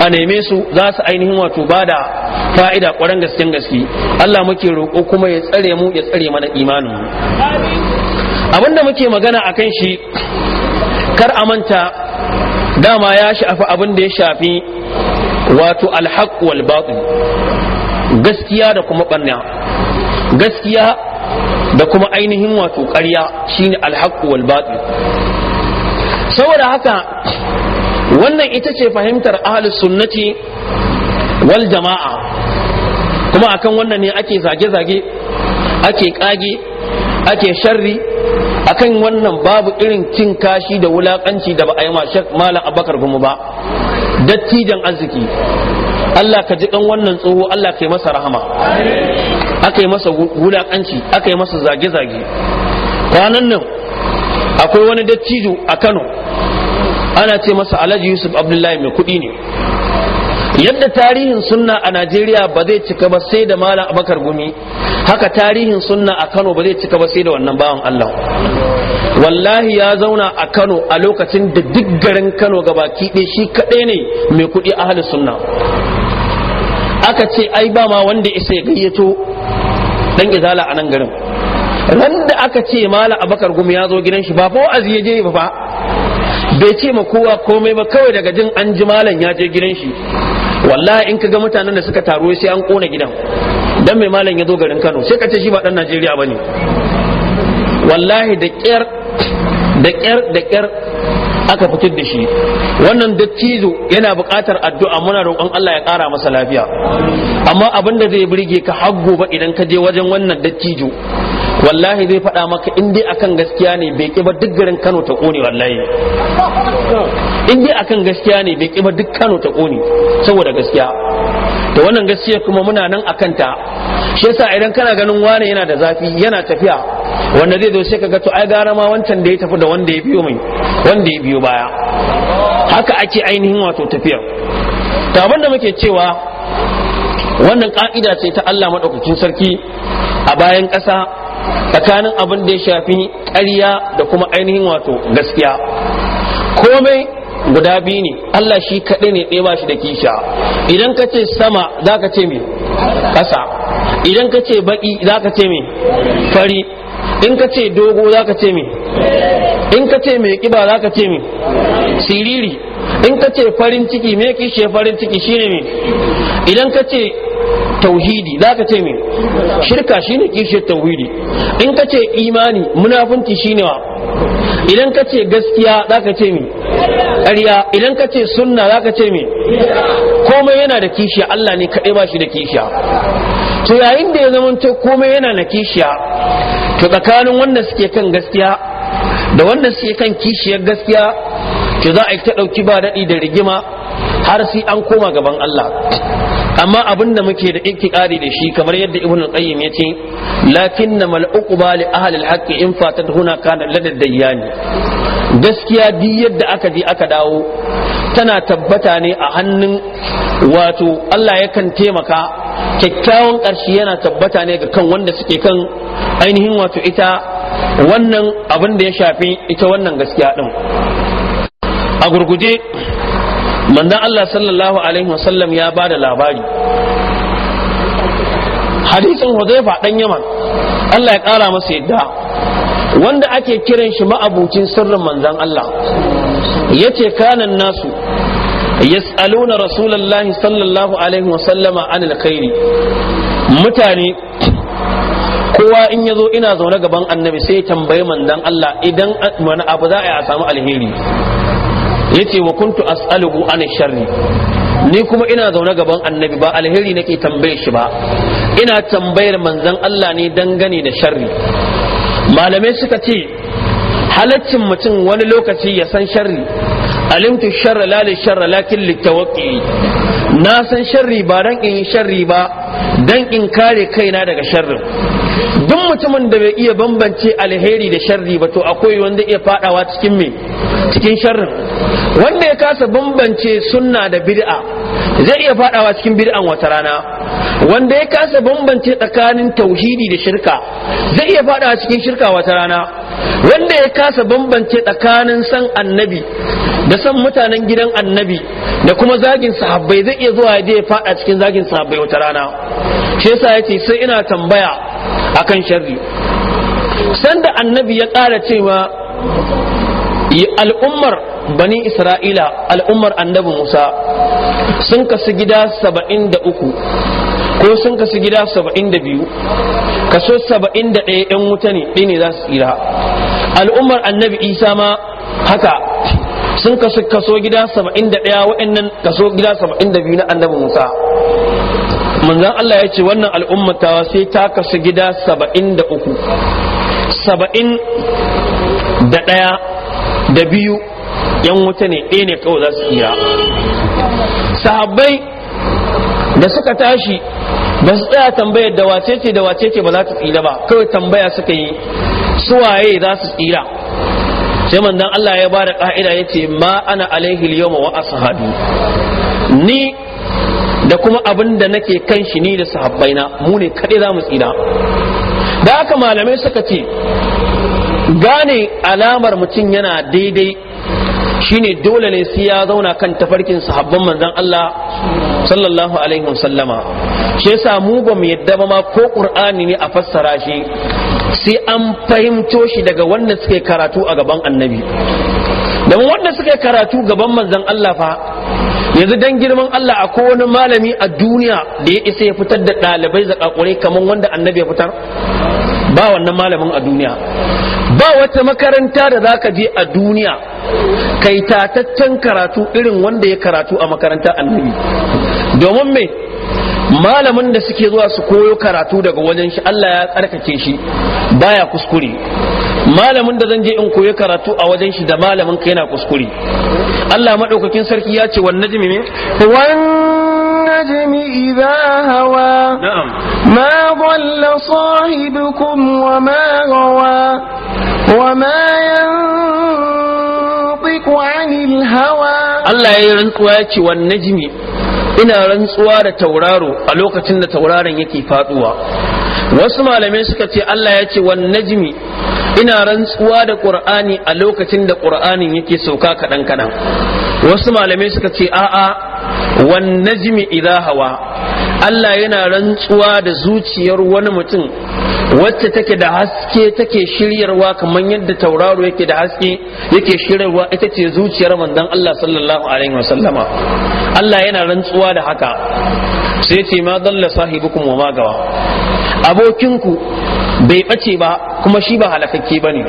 a neme su za su ainihin wato bada fa'ida ƙwarar gasken gaske Allah muke roƙo kuma ya tsare mu ya tsare mana imanin mu abinda muke magana a kan shi kar a manta dama ya shafi abin da ya shafi wato alhaq wal gaskiya da kuma barna gaskiya da kuma ainihin wato ƙarya shine alhaq wal saboda haka wannan ita ce fahimtar ahlus sunnati wal jama'a kuma akan wannan ne ake zage-zage ake kage ake sharri akan wannan babu irin cin kashi da wulakanci da ba a yi ma shek malam abakar gumu ba dattijan arziki Allah ka ji kan wannan tsoho Allah ka yi masa rahama aka yi masa wulakanci aka yi masa zage-zage Kwanan nan akwai wani dattijo a Kano ana ce masa Alhaji Yusuf Abdullahi mai kuɗi ne yadda tarihin sunna a najeriya ba zai cika ba sai da malam abakar gumi haka tarihin sunna a kano ba zai cika ba sai da wannan bawan allah wallahi ya zauna a kano a lokacin da duk garin kano ga baki ɗaya shi kaɗai ne mai kuɗi a halin sunna aka ce ai ba ma wanda isa ya gayyato dan izala a nan garin ran da aka ce mala abakar gumi ya zo gidan shi ba fa wa'azi ya ba fa bai ce ma kowa komai ba kawai daga jin an ji malam ya je gidan shi wallahi in kaga mutanen da suka taro sai an kona gidan dan mai malam ya zo garin Kano sai ka shi ba dan Najeriya bane wallahi da kyar da kyar da kyar aka fitar da shi wannan dattijo yana buƙatar addu'a muna roƙon Allah ya ƙara masa lafiya amma abin da zai burge ka har ba idan ka je wajen wannan dattijo wallahi zai faɗa maka in dai akan gaskiya ne bai ƙiba duk garin Kano ta ƙone wallahi in dai akan gaskiya ne bai ƙiba duk Kano ta ƙone saboda gaskiya da wannan gaskiya kuma muna nan akan ta shi yasa idan kana ganin wani yana da zafi yana tafiya wanda zai zo sai kaga to ai gara ma wancan da ya tafi da wanda ya biyo mai wanda ya biyo baya haka ake ainihin wato tafiyar ta da muke cewa wannan ka'ida ce ta Allah madaukakin sarki a bayan ƙasa tsakanin abin da ya shafi ƙarya da kuma ainihin wato gaskiya komai guda biyu ne Allah shi kaɗai ne ɗaya ba shi da kisha idan ka ce sama za ka ce mai ƙasa idan ka ce baƙi za ka ce mai fari in ka ce dogo za ka ce mai in ka ce mai ƙiba za ka ce mai siriri in ka ce farin ciki me kishe farin ciki shine me idan ka ce tauhidi za ka ce mai shirka shi ne kishiyar tauhidi in ka ce imani munafunci shi ne wa idan ka ce gaskiya za ka ce mai ƙarya idan ka ce sunna za ka ce mai komai yana da kishiya Allah ne kaɗai ba shi da kishiya to yayin da ya zamanto komai yana da kishiya to tsakanin wanda suke kan gaskiya da wanda suke kan kishiyar gaskiya to za a yi ta ɗauki ba daɗi da rigima har sai an koma gaban Allah amma abin da muke da iktikari da shi kamar yadda ibn qayyim yace lakinna mal uqba li ahli al haqqi in fatat huna kana ladad dayyani gaskiya duk yadda aka ji aka dawo tana tabbata ne a hannun wato Allah yakan taimaka kyakkyawan ƙarshe yana tabbata ne ga kan wanda suke kan ainihin wato ita wannan abin da ya shafi ita wannan gaskiya din a gurguje manzan Allah sallallahu alaihi wasallam ya ba da labari hadisin Huzaifa dan Yaman Allah ya kara masa yadda wanda ake kiran shi ma'abucin sirrin manzan Allah yace kanan nasu yas'aluna rasulallahi sallallahu alaihi wasallama anil khairi mutane kowa in zo ina zaune gaban annabi sai tambayi manzan Allah idan wani abu za a samu alheri yace wa kuntu as'alu an sharri ni kuma ina zaune gaban annabi ba alheri nake tambaye shi ba ina tambayar manzon Allah ne dangane da sharri malamai suka ce halaccin mutum wani lokaci ya san sharri alimtu sharra la li sharra lakin litawaqi na san sharri ba dan in sharri ba dan in kare kaina daga sharrin duk mutumin da bai iya bambance alheri da sharri ba to akwai wanda iya fadawa cikin me cikin sharrin wanda ya kasa bambance sunna da bid'a zai iya fadawa cikin bid'an wata rana wanda ya kasa bambance tsakanin tauhidi da shirka zai iya fadawa cikin shirka wata rana wanda ya kasa bambance tsakanin san annabi da san mutanen gidan annabi da kuma zagin sahabbai zai iya zuwa ya je ya fada cikin zagin sahabbai wata rana shi yasa yace sai ina tambaya akan sharri sanda annabi ya ƙara cewa al'ummar bani isra'ila al'ummar annabi musa sun kasu gida saba'in da uku ko sun kasu gida saba'in da biyu kaso saba'in da ɗaya ‘yan wuta ne ɗaya ne za su tsira al'ummar annabi isa ma haka sun kasu kaso gida saba'in da ɗaya wa'annan kaso gida saba'in da biyu na annabi musa manzan Allah ya ce wannan al'ummatawa sai ta kasu gida saba'in da uku saba'in da ɗaya da biyu yan wuta ne ɗaya ne kawai za su tsira sahabbai da suka tashi ba su tsaya tambayar da wace ce da wace ce ba za ta tsira ba kawai tambaya suka yi suwaye za su tsira sai manzan Allah ya ba da ƙa'ida ya ce ma ana alaihi yau wa ashabi ni da kuma abin da nake kan shi ni da sahabbaina mu ne kaɗai za mu tsira da aka malamai suka ce gane alamar mutum yana daidai shine dole ne sai ya zauna kan tafarkin sahabban manzon Allah sallallahu alaihi wasallama shi yasa mu ba mu yadda ba ma ko qur'ani ne a fassara shi sai an fahimto shi daga wanda suke karatu a gaban annabi domin wanda suka yi karatu gaban manzan Allah fa yanzu dan girman Allah akwai wani malami a duniya da ya isa ya fitar da ɗalibai zakakurai kamar wanda annabi ya fitar ba wannan malamin a duniya ba wata makaranta da zaka je a duniya kai tataccen karatu irin wanda ya karatu a makaranta annabi domin me malamin da suke zuwa su koyo karatu daga wajen shi Allah ya tsarkake shi baya kuskure malamin da zan je in koyi karatu a wajen shi da malamin ka yana kuskure Allah madaukakin sarki ya ce wan najmi ne dalla sahibukum wa ma ما wa ma وما anil hawa Allah ya rantsuwa ya ce, wannan najmi ina rantsuwa da tauraro a lokacin da tauraron yake faduwa wasu malamai suka ce Allah ya ce wani najmi ina rantsuwa da ƙur'ani a lokacin da ƙur'anin yake sauka kaɗan kaɗan wasu malamai suka ce a'a wani najmi idan hawa Allah yana rantsuwa da zuciyar wani mutum wacce take da haske take shiryarwa kamar yadda tauraro yake da haske yake shiryarwa ita ce zuciyar manzon Allah sallallahu alaihi wasallama Allah yana rantsuwa da haka sai ce ma dalla sahibukum wa magawa abokinku bai ɓace ba kuma shi ba halakakke ba ne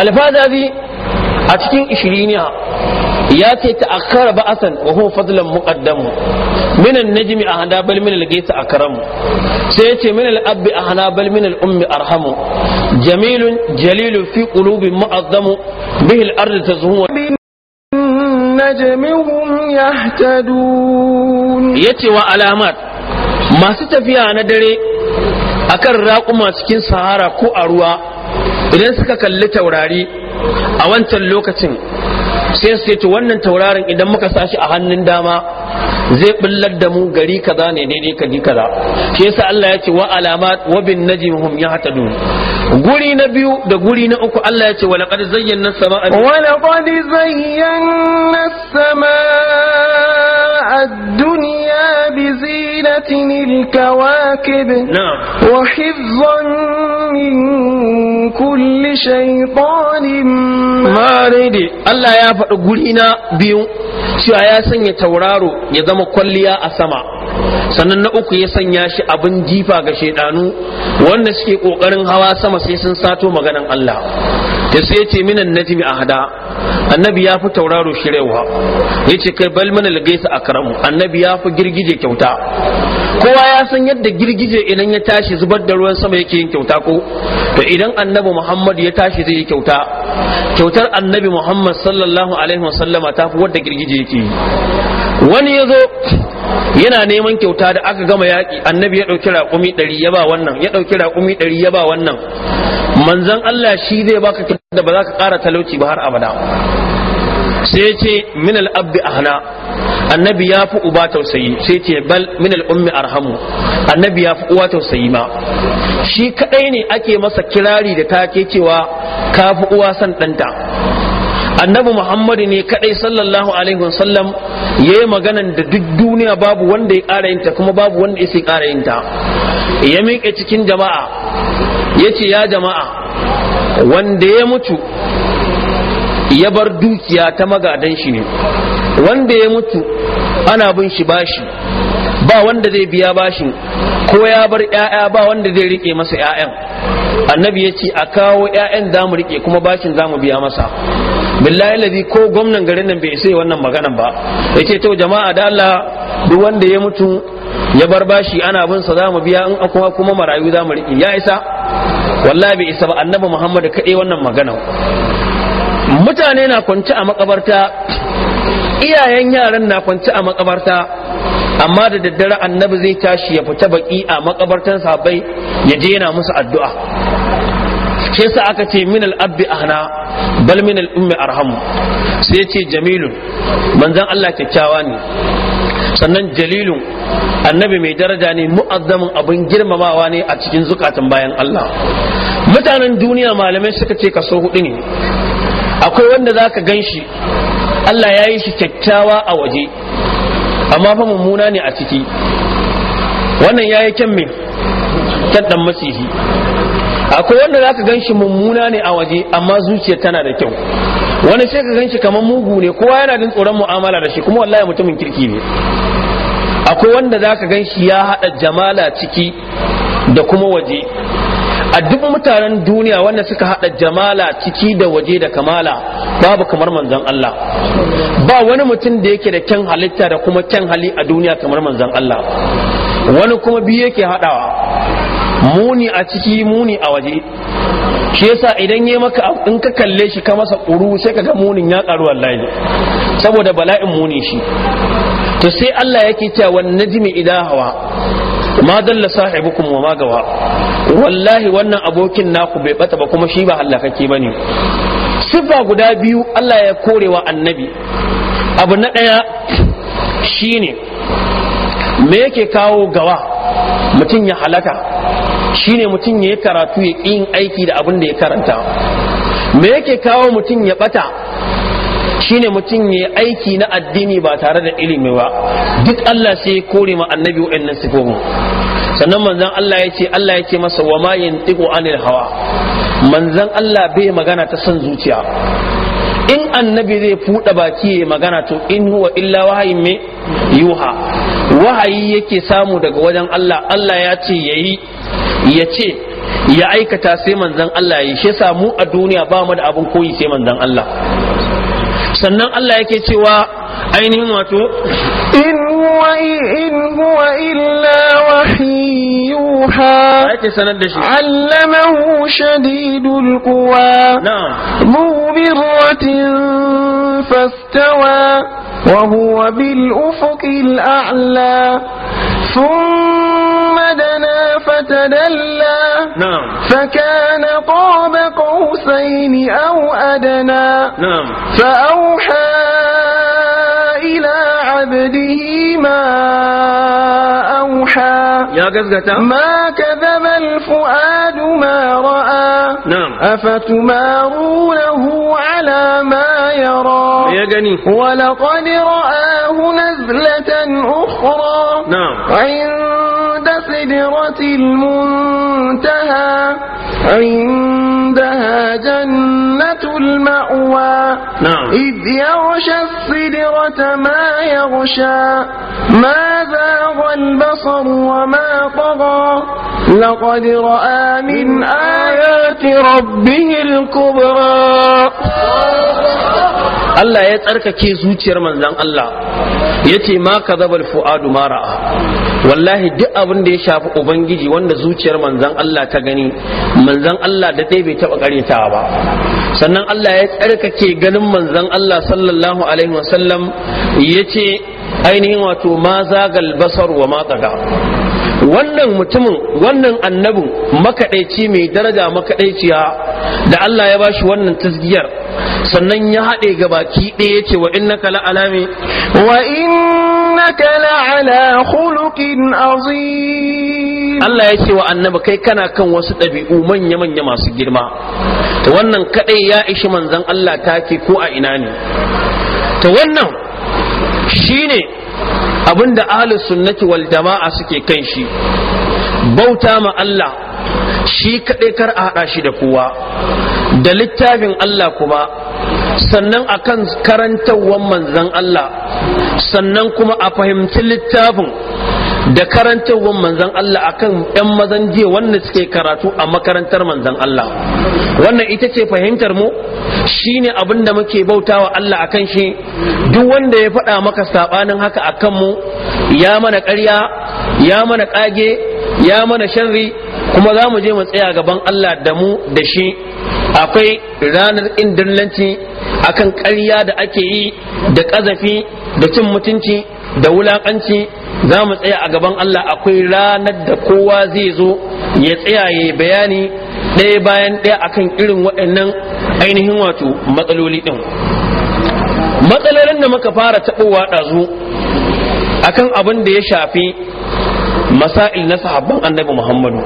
Alfazazi a cikin ishiriniya ya ce ta akara ba'asan wa huwa fadlan muqaddamu min najmi ahda bal min al-gaita akramu sai yace min al-abbi ahna bal min al-ummi arhamu jamilun jalilun fi qulubin mu'azzamu bihi al-ard tazhumu najmihum yahtadun yace wa alamat masu tafiya na dare akan raƙuma cikin sahara ko a ruwa idan suka kalli taurari a wancan lokacin sai su ce wannan taurarin idan muka sashi a hannun dama zai billar da mu gari kaza ne daidai ka ji kaza shi yasa Allah ya ce wa alamat wa bin najm hum yahtadun guri na biyu da guri na uku Allah ya ce wa laqad zayyana as-samaa wa laqad zayyana as-samaa ad-dunya bi zinatin al-kawakib wa hifzan min kulli shaytanin maridi Allah ya faɗi guri na biyu cewa ya sanya tauraro ya zama kwalliya a sama sannan na uku ya sanya shi abin jifa ga shaidanu wanda suke kokarin hawa sama sai sun sato maganan Allah da sai ce minan najmi ahada annabi ya fi tauraro shirewa yace kai bal manal a akramu annabi ya fi girgije kyauta kowa ya san yadda girgije idan ya tashi zubar da ruwan sama yake yin kyauta ko to idan annabi muhammad ya tashi zai yi kyauta kyautar annabi muhammad sallallahu alaihi wasallama ta fi wadda girgije yake yi wani ya zo yana neman kyauta da aka gama yaƙi annabi ya ɗauki raƙumi ɗari ya ba wannan ya ɗauki raƙumi ɗari ya ba wannan manzan allah shi zai baka kyauta da ba za ka ƙara talauci ba har abada sai ce min al'abbi ahna annabi ya fi uba tausayi sai ce bal min al'ummi arhamu annabi ya fi uwa tausayi ma shi kadai ne ake masa kirari da ta ke cewa ka fi uwa san ɗanta annabi muhammadu ne kadai sallallahu alaihi wasallam ya yi maganan da duk duniya babu wanda ya ƙara yinta kuma babu wanda ya ƙara yinta ya miƙe cikin jama'a ya ce ya jama'a wanda ya mutu ya bar dukiya ta magadan shi ne wanda ya mutu ana bin shi bashi ba wanda zai biya bashin ko ya bar 'ya'ya ba wanda zai rike masa 'ya'yan annabi ya ce a kawo 'ya'yan za mu rike kuma bashin za mu biya masa billahi lazi ko gwamnan garin nan bai sai wannan maganan ba ya ce to jama'a da Allah duk wanda ya mutu ya bar bashi ana bin sa za mu biya in akwai kuma marayu za mu rike ya isa wallahi bai isa ba annabi Muhammad kaɗai wannan maganan. mutane na kwance a makabarta iyayen yaran na kwance a makabarta amma da daddare annabi zai tashi ya fita baki a makabartan sahabbai ya je yana musu addu'a kesa sa aka ce min al-abbi ahna bal min al-ummi arhamu sai ce jamilun manzon Allah kyakkyawa ne sannan jalilun annabi mai daraja ne mu'azzamin abin girmamawa ne a cikin zukatan bayan Allah mutanen duniya malamai suka ce kaso hudu ne akwai wanda za ka gan shi Allah ya yi shi kyakkyawa a waje amma fa mummuna ne a ciki wannan ya yi kyan min ɗan masihi akwai wanda za ka gan shi mummuna ne a waje amma zuciya tana da kyau wani sai ka gan shi kamar mugu ne kowa yana jin tsoron mu'amala da shi kuma wallahi mutumin kirki ne akwai wanda za ka gan shi ya haɗa jamala ciki da kuma waje a duk mutanen duniya wanda suka hada jamala ciki da waje da kamala babu kamar manzon Allah ba wani mutum da yake da kyan halitta da kuma kyan hali a duniya kamar manzon Allah wani kuma biyu yake hadawa muni a ciki muni a waje shi yasa idan yi maka in ka kalle shi ka masa kuru sai ka ga munin ya wallahi saboda bala'in muni shi to sai Allah yake cewa wannan najmi idahawa ma dalla sahibukum wa ma gawa wallahi wannan abokin naku bai bata ba kuma shi ba hallakake bane sifa guda biyu Allah ya korewa annabi abu na daya shine me yake kawo gawa mutum ya halaka shine mutum ya karatu ya yin aiki da abin da ya karanta me yake kawo mutum ya bata shine mutum ya aiki na addini ba tare da ilimi ba duk Allah sai ya kore ma annabi wa'annan sifofin sannan manzon Allah ya ce Allah ya ce masa wa ma yantiqu anil hawa manzan Allah bai magana ta son zuciya in annabi zai fuɗa baki ya magana to in huwa illa wahayin me yuha wahayi yake samu daga wajen Allah Allah ya ce yayi ya ce ya aikata sai manzon Allah ya yi shi samu a duniya ba mu da abin koyi sai manzan Allah sannan Allah yake cewa ainihin wato in huwa in huwa illa wahiyuha yake sanar da shi allamahu shadidul quwa na'am mubiratin fastawa wa huwa bil ufuqil a'la ثم دنا فتدلى نعم فكان قاب قوسين أو أدنى نعم فأوحى إلى عبده ما أوحى ما كذب الفؤاد ما رأى نعم أفتمارونه على ما يرى يا جني ولقد رآه نزلة أخرى نعم عند سدرة المنتهى عند عندها جنة المأوى نعم. إذ يغشى الصدرة ما يغشى ما زاغ البصر وما طغى لقد رأى من آيات ربه الكبرى Allah ya tsarkake zuciyar manzan Allah yace ma kadhabal fuadu ma ra'a wallahi duk abin da ya shafi ubangiji wanda zuciyar manzan Allah ta gani manzan Allah da dai bai taba karetawa ba sannan Allah ya tsarkake ganin manzan Allah sallallahu alaihi wasallam yace ainihin wato ma zagal basar wa ma wannan mutumin wannan annabin makaɗaici mai daraja makaɗaiciya da Allah ya bashi wannan tasgiyar sannan ya haɗe ga baki ɗaya ce wa na la'ala me wa kala la'ala hulukin azim Allah ya ce wa annabi kai kana kan wasu ɗabi'u manya manya masu girma to wannan kadai ya ishi manzon Allah take ko a ina ne to wannan shine abinda ahlus sunnati wal jama'a suke kan shi bauta ma Allah shi kaɗai kar a haɗa shi da kowa da littafin Allah kuma sannan akan karantawan manzan Allah sannan kuma a fahimci littafin da karantarwar manzan Allah akan yan mazan jiya wanda suke karatu a makarantar manzan Allah wannan ita ce fahimtar mu shine abin da muke bauta wa Allah a kan shi duk wanda ya faɗa maka saɓanin haka akan mu ya mana ƙarya ya mana ƙage ya mana sharri kuma za mu je mu tsaya gaban Allah da mu da shi akwai ranar a akan ƙarya da ake yi da ƙazafi da cin mutunci da wulaƙanci za mu tsaya a gaban Allah akwai ranar da kowa zai zo ya tsaya ya bayani ɗaya bayan ɗaya akan irin waɗannan ainihin wato matsaloli ɗin matsalolin da muka fara taɓowa ɗazu akan abin da ya shafi masail na sahabban annabi muhammadu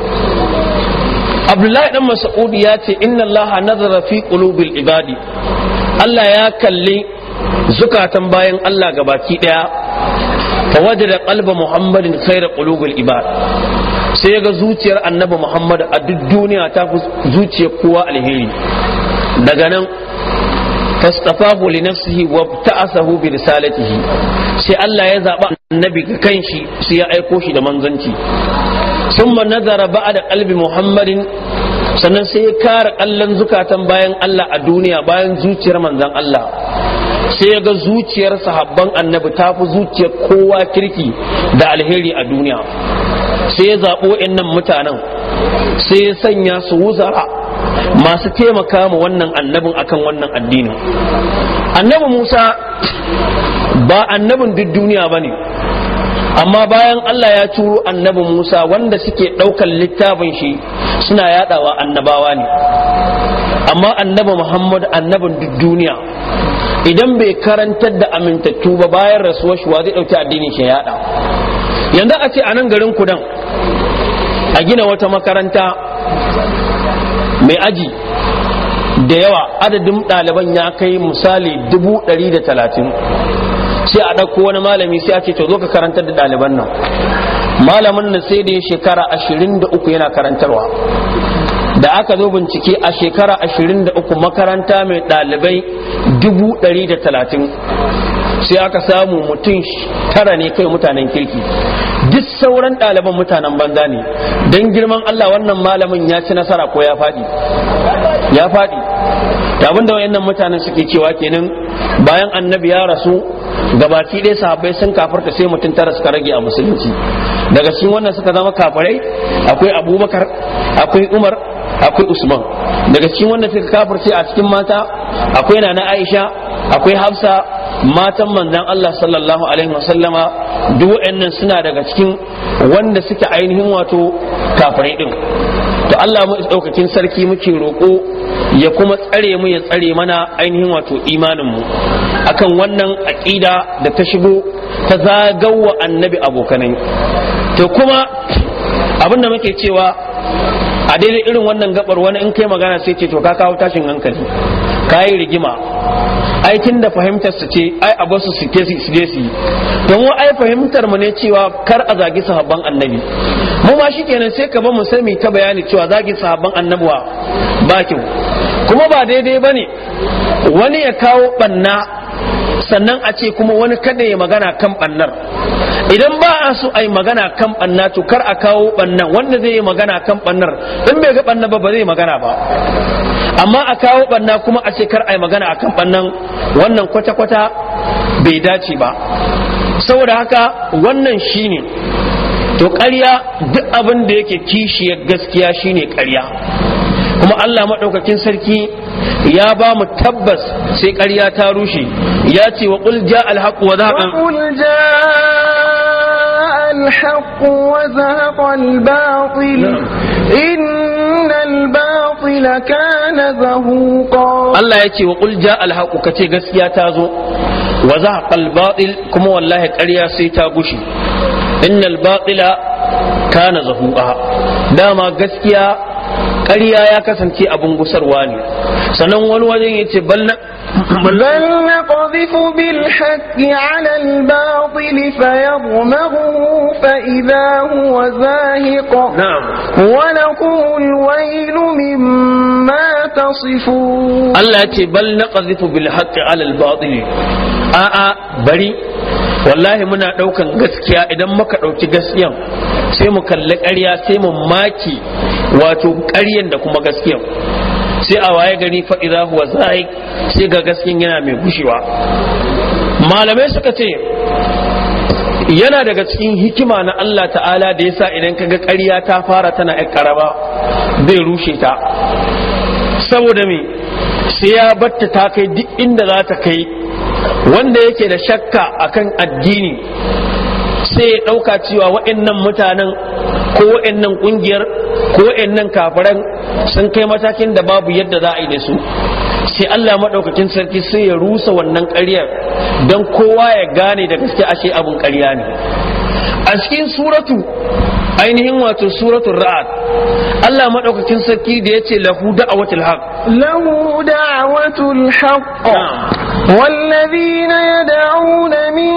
abdullahi dan mas'ud ya ce inna allaha nazara fi qulubil ibadi allah ya kalli zukatan bayan allah gabaki daya fa wajada qalba muhammadin khayra qulubil ibad sai ga zuciyar annabi muhammad a duk duniya ta fi zuciyar kowa alheri daga nan fastafahu li nafsihi wa ta'asahu bi risalatihi sai Allah ya zaba annabi ga kanshi sai ya aiko shi da manzanci summa nazara ba'da da qalbi muhammadin sannan sai ya kara kallon zukatan bayan Allah a duniya bayan zuciyar manzan Allah sai ya ga zuciyar sahabban annabi ta fi zuciyar kowa kirki da alheri a duniya sai ya zaɓo nan mutanen sai ya sanya su wuzara masu taimaka ma wannan annabin akan wannan addinin annabi musa ba annabin duk duniya ba ne amma bayan Allah ya turo annabi Musa wanda suke ɗaukan littafin shi suna yadawa annabawa ne amma annabi Muhammad annabin duk duniya idan bai karantar da amintattu ba bayan rasuwar shi wa zai ɗauki addinin shi yada yanzu a ce a nan garin kudan a gina wata makaranta mai aji da yawa adadin ɗaliban ya kai misali dubu ɗari da talatin sai a ɗauko wani malami sai a ce to zo ka karantar da ɗaliban nan malamin nan sai da ya shekara ashirin da uku yana karantarwa da aka zo bincike a shekara ashirin da uku makaranta mai ɗalibai dubu ɗari da talatin sai aka samu mutum tara ne kai mutanen kirki duk sauran ɗaliban mutanen banza ne don girman Allah wannan malamin ya ci nasara ko ya faɗi ya faɗi abin da wayannan mutanen suke cewa kenan bayan annabi ya rasu gabaki ɗaya sahabbai sun kafarta sai mutum tara suka rage a musulunci daga cikin wannan suka zama kafirai akwai abubakar akwai umar akwai usman daga cikin wannan suka sai a cikin mata akwai nana aisha akwai hafsa matan manzan allah sallallahu alaihi wasallama duk waɗannan suna daga cikin wanda suke ainihin wato kafirai din wato Allah mu daukakin sarki muke roƙo ya kuma tsare mu ya tsare mana ainihin wato imanin mu akan wannan aqida da ta shigo ta zagawa annabi abokanai to kuma abinda muke cewa a daidai irin wannan gabar wani in kai magana sai ce to ka kawo tashin hankali ka yi rigima aikin da fahimtar su ce ai a basu su ke su je su yi ai fahimtar mu ne cewa kar a zagi sahabban annabi mu ma kenan sai ka ba mu sai ta bayani cewa zagi sahabban annabuwa ba kyau kuma ba daidai bane wani ya kawo ɓanna. sannan a ce kuma wani kada ya magana kan bannar idan ba a so a magana kan banna to kar a kawo bannan wanda zai yi magana kan bannar in bai ga banna ba ba zai magana ba amma a kawo banna kuma a ce kar a yi magana a kan bannan wannan kwata-kwata bai dace ba saboda haka wannan shine to ƙarya duk abin da yake kishiyar gaskiya shine ƙarya kuma Allah maɗaukakin sarki ya ba mu tabbas sai ƙarya ta rushe ya ce wa ƙul ja alhaq wa zaɓan Allah ya ce wa ƙul ja alhaq gaskiya ta zo wa kuma wallahi ƙarya sai ta gushe innal baɗila kana zahuƙa dama gaskiya ƙarya ya kasance abin gusarwa ne sannan wani wajen ya ce balna بل نقذف بالحق على الباطل فيضمغه فإذا هو زاهق نعم وله الويل مما wallahi muna ɗaukan gaskiya idan muka ɗauki gaskiyan sai mu kalli ƙarya sai mu maki wato ƙaryen da kuma gaskiya sai a waye gari faɗi idza huwa zaiq sai ga gaskiya yana mai gushewa malamai suka ce yana daga cikin hikima na Allah ta'ala da ya sa idan kaga ƙarya ta fara tana ƴar karaba zai rushe ta saboda me sai ya batta ta kai duk inda za ta kai wanda yake da shakka akan addini sai ya ɗauka cewa waɗannan mutanen ko waɗannan ƙungiyar ko waɗannan kafiran sun kai matakin da babu yadda za a yi da su sai Allah maɗaukakin sarki sai ya rusa wannan ƙaryar don kowa ya gane da gaske ashe abin ƙarya ne a cikin suratu ainihin wato suratul ra'ad Allah madaukakin sarki da yace lahu da'watul haq lahu da'watul haqq والذين يدعون من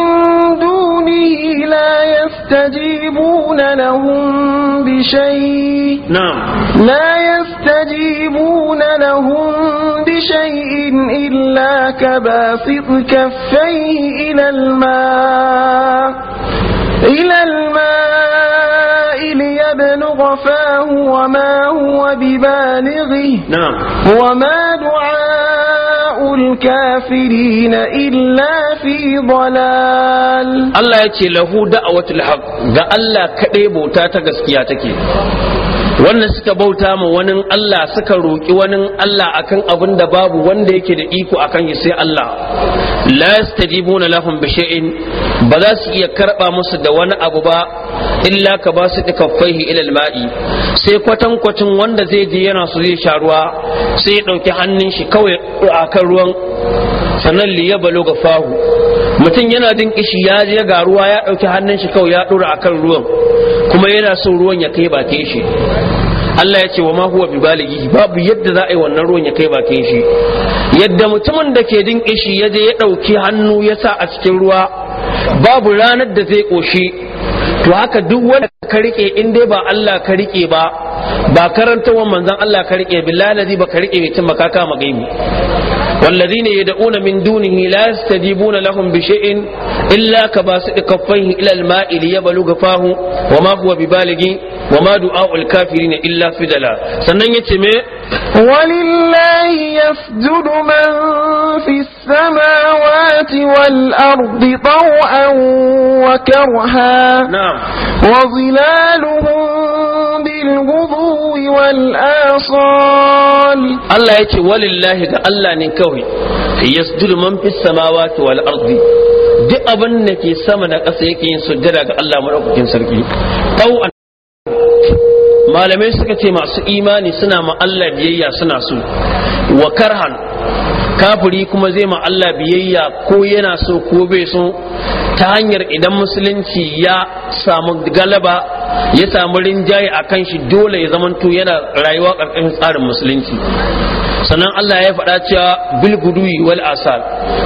دونه لا يستجيبون لهم بشيء نعم لا يستجيبون لهم بشيء إلا كباسط كفيه إلى الماء إلى الماء يبلغ فاه وما هو ببالغه نعم وما دعاء الكافرين إلا في ضلال الله يتي له دعوة الحق قال الله كدي بوتا تغسكيا تكي wannan suka bauta ma wani Allah suka roƙi wani Allah akan abin da babu wanda yake da iko akan yi sai Allah la yastajibuna lahum bi shay'in ba za su iya karba musu da wani abu ba illa ka ba su dukaffaihi ila alma'i sai kwatan kwatin wanda zai je yana so zai sha ruwa sai ya dauki hannun shi kawai a kan ruwan sannan liya balo ga fahu mutum yana jin kishi ya je ga ruwa ya ɗauki hannun shi kawai ya ɗora akan ruwan kuma yana son ruwan ya kai bake shi Allah ya ce wa ma huwa bi balighi babu yadda za a yi wannan ruwan ya kai bakin shi yadda mutumin da ke jin kishi ya je ya ɗauki hannu ya sa a cikin ruwa babu ranar da zai ƙoshi to haka duk wanda ka rike in dai ba Allah ka rike ba ba karantawan manzon Allah ka rike billahi ladhi ba ka rike mai tun ka kama gaibi والذين يدعون من دونه لا يستجيبون لهم بشيء إلا كباسط كفيه إلى الماء ليبلغ فاه وما هو ببالغ wa ma du'a'ul kafirin illa fidala sannan yace me walillahi yasjudu man fis samawati wal ardi taw'an wa karha na'am wa zilaluhum bil wal asal Allah yace walillahi ga Allah ne kawai yasjudu man fis samawati wal ardi duk abin da ke sama da ƙasa yake yin sujjada ga Allah madaukakin sarki malamai suka ce masu imani suna ma Allah biyayya suna so wa karhan kafiri kuma zai ma Allah biyayya ko yana so ko bai so ta hanyar idan musulunci ya samu galaba ya samu rinjaye a kan shi dole ya zamanto yana rayuwa ƙarƙashin tsarin musulunci sannan Allah ya faɗa cewa bil gudui wal asal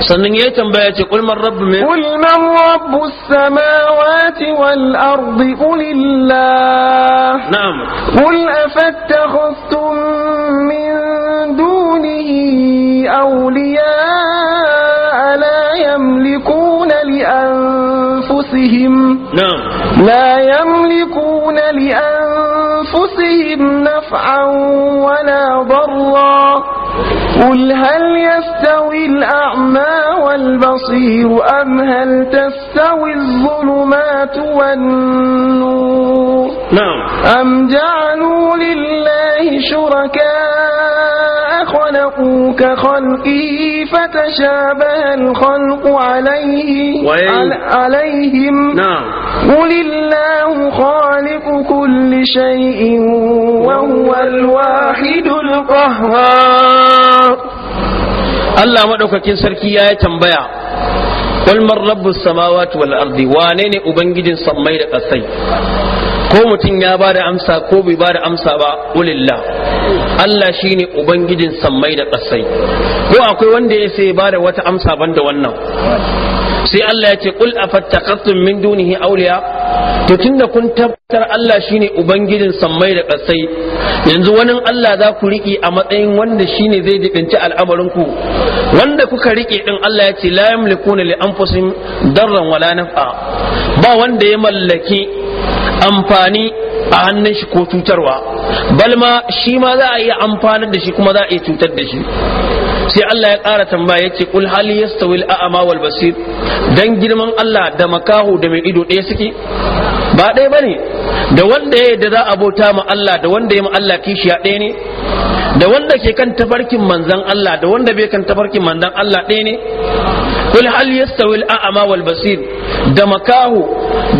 sannan ya tambaya ce kul man rabbu min kul man rabbu samawati wal ardi qulillah na'am kul afattakhtum min dunihi awliya la yamlikuna li anfusihim na'am la yamlikuna li anfusihim أنفسهم نفعا ولا ضرا قل هل يستوي الأعمى والبصير أم هل تستوي الظلمات والنور نعم. أم جعلوا لله شركاء خلقوك خلقي فتشابه الخلق عليه عليهم نعم. قل الله خالق كل شيء وهو الواحد القهار الله مدوكاkin سركي yayi آية tambaya قل من رب السماوات والأرض وانين أبنجد سمي لقصي ko mutum ya ba da amsa ko bai ba da amsa ba ulilla Allah ne ubangijin sammai da ƙasai ko akwai wanda ya sai ba da wata amsa banda wannan sai Allah ya ce qul afattaqtum min dunihi auliya to tunda kun tabbatar Allah shine ubangijin sammai da ƙasai yanzu wani Allah za ku riƙe a matsayin wanda ne zai dibinci al'amarin ku wanda kuka riƙe din Allah ya ce la yamlikuna li anfusihim darran wala naf'a ba wanda ya mallaki amfani a hannun shi ko cutarwa balma shi ma za a iya amfanar da shi kuma za a iya cutar da shi sai Allah ya ƙara tambaya yace kul hal yastawi al a'ma wal basir dan girman Allah da makahu da mai ido ɗaya suke ba ɗaya bane da wanda ya da za a bauta ma Allah da wanda ya ma Allah kishiya ɗaya ne da wanda ke kan tafarkin manzan Allah da wanda bai kan tafarkin manzan Allah ɗaya ne kul hal yastawi al a'ma wal basir da makahu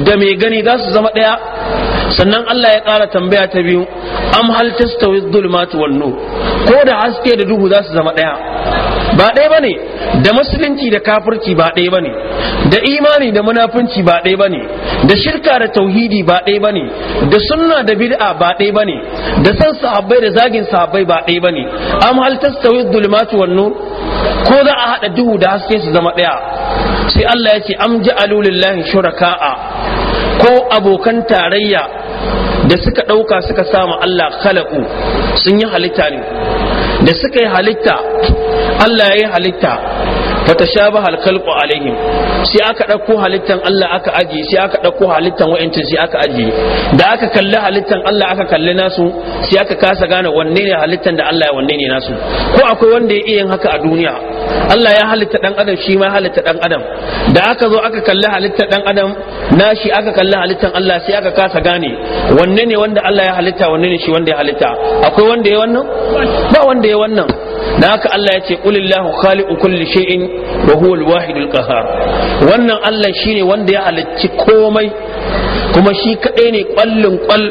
da mai gani za su zama ɗaya sannan Allah ya ƙara tambaya ta biyu am hal tastawi dhulumatu wan nur ko da haske da duhu za su zama ɗaya ba ɗaya bane da musulunci da kafirci ba ɗaya bane da imani da munafunci ba ɗaya bane da shirka da tauhidi ba ɗaya bane da sunna da bid'a ba ɗaya bane da san sahabbai da zagin sahabbai ba ɗaya bane am hal tastawi dhulumatu wan nur ko za a haɗa duhu da haske su zama ɗaya sai Allah ya ce am ja'alu lillahi shuraka'a ko abokan tarayya da suka ɗauka suka samu Allah khalaku sun yi halitta ne da suka yi halitta Allah ya yi halitta Wata fatashabaha alkhalqu alaihim sai aka ɗauko halittan Allah aka aji sai aka ɗauko halittan wa'ancin sai aka aji da aka kalli halittan Allah aka kalli nasu sai aka kasa gane wanne ne halittan da Allah ya wanne ne nasu ko akwai wanda ya iya haka a duniya Allah ya halitta dan adam shi ma halitta dan adam da aka zo aka kalli halittan dan adam nashi aka kalli halittan Allah sai aka kasa gane wanne ne wanda Allah ya halitta wanne ne shi wanda ya halitta akwai wanda ya wannan ba wanda ya wannan da haka Allah ya ce qulillahu khaliqu kulli shay'in wa huwa al-wahidul qahhar wannan Allah shine wanda ya halicci komai kuma shi kadai ne kwallin kwal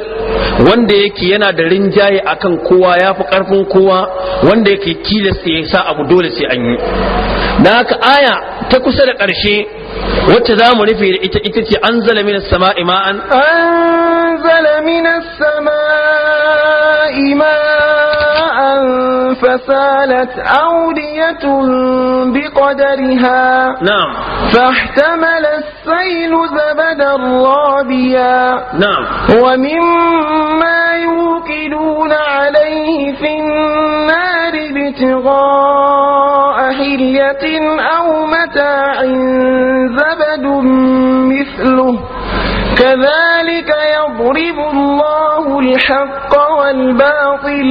wanda yake yana da rinjaye akan kowa ya fi karfin kowa wanda yake tilasta ya sa abu dole sai an yi da haka aya ta kusa da ƙarshe wacce za mu rufe da ita ita ce an zala minas sama'i ma'an an zala minas sama'i ma'an fasalat audiyatun bi qadariha na'am fahtamala as-sayl zabada rabiya na'am wa mimma ما يوقدون عليه في النار ابتغاء حلية أو متاع زبد مثله كذلك يضرب الله الحق والباطل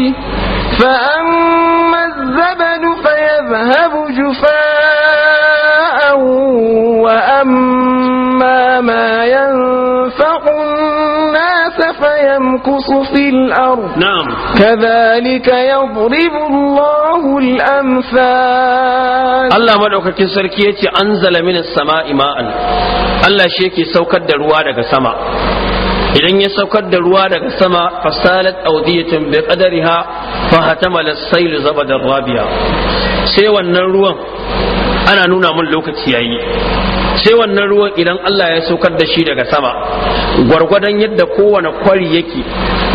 فأما الزبد فيذهب جفاء وأما يمكث في الأرض نعم كذلك يضرب الله الأمثال الله مدعوك كسركية أنزل من السماء ماء الله شيكي سوكد روادك سماء idan ya saukar da ruwa daga sama fasalat audiyatun bi qadariha fa hatamala as-sayl zabadar rabiya sai wannan ruwan ana nuna mun lokaci yayi sai wannan ruwan idan Allah ya saukar da shi daga sama gwargwadon yadda kowane kwari yake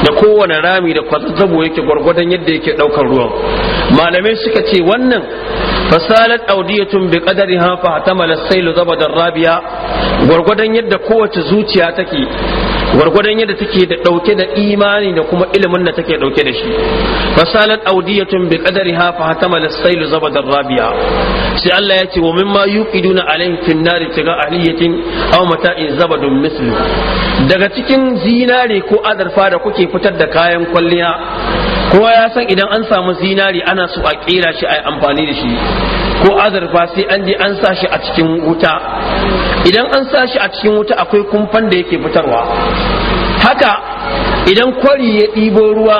da kowane rami da kwatsabo yake gwargwadon yadda yake daukar ruwan malamai suka ce wannan fasalat audiyatun bi qadariha fa hatamala sailu zabadar rabiya gwargwadon yadda kowace zuciya take gwargwadon yadda take da dauke da imani da kuma ilimin da take dauke da shi fasalat audiyatun bi qadariha fa hatamala sailu zabadar rabiya sai Allah ya ce wa mimma yuqiduna alaihi fin nari tiga ahliyatin aw mata'in zabadun mislu daga cikin zinare ko azarfa da kuke fitar da kayan kwalliya kowa ya san idan an samu zinari ana so a kera shi a amfani da shi ko azurfa sai an je an sa a cikin wuta idan an sa shi a cikin wuta akwai kumfan da yake fitarwa haka idan kwari ya ɗibo ruwa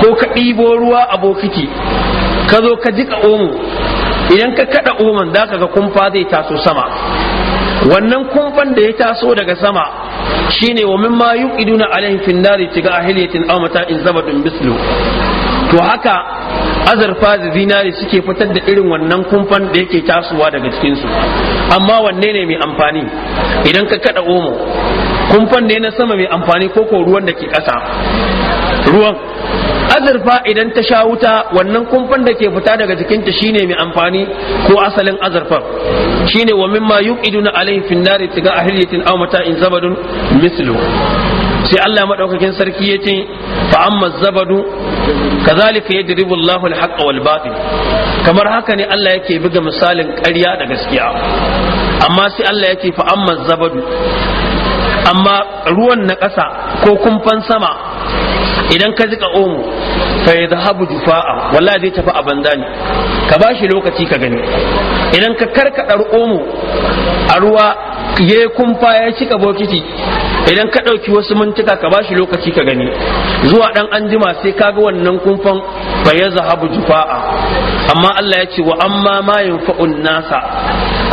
ko ka ɗibo ruwa a bokiti ka zo ka jika omo idan ka kaɗa oman za ka ga kumfa zai taso sama wannan kumfan da ya taso daga sama shine wa mimma yuqiduna alaihim fin nari tiga ahliyatin aw mata'in zabadun bislu to haka azurfa da zinari suke fitar da irin wannan kumfan da yake tasowa daga cikinsu amma wanne ne mai amfani idan ka kada omo kumfan ne na sama mai amfani ko ko ruwan da ke ƙasa ruwan azurfa idan ta sha wuta wannan kumfan da ke fita daga jikinta shine mai amfani ko asalin azurfar shine wa mimma yuqiduna alayhi fi nari tiga ahliyatin aw mata'in zabadun mislu sai Allah madaukakin sarki yace fa amma zabadu kazalika yadribu Allahu al-haqqa wal batil kamar haka ne Allah yake buga misalin ƙarya da gaskiya amma sai Allah yake fa amma zabadu amma ruwan na ƙasa ko kumfan sama idan ka jika omo fa yadhhabu jufa'a wallahi zai tafi a banza ne ka bashi lokaci ka gani idan ka karkada omo a ruwa ya kumfa ya cika bokiti idan ka ɗauki wasu mintuka ka bashi lokaci ka gani zuwa ɗan anjima sai ka ga wannan kumfan fa ya zahabu jufa'a amma Allah ya ce wa amma ma yunfa'un nasa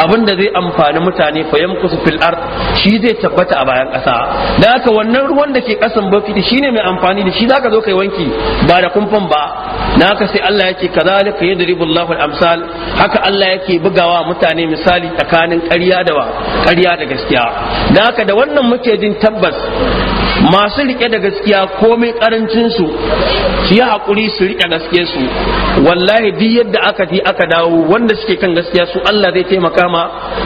abinda zai amfani mutane fa yamkusu fil ard shi zai tabbata a bayan kasa dan haka wannan ruwan da ke kasan bokiti shine mai amfani da shi zaka zo kai wanki ba da kumfan ba dan haka sai Allah yake kadhalika yadribullahu al-amsal haka Allah yake bugawa mutane misali tsakanin ƙarya da wa ƙarya da gaskiya da haka da wannan muke jin tabbas masu rike da gaskiya komai karancin su su hakuri su rike gaskiya su wallahi duk yadda aka ji aka dawo wanda suke kan gaskiya su Allah zai taimaka ma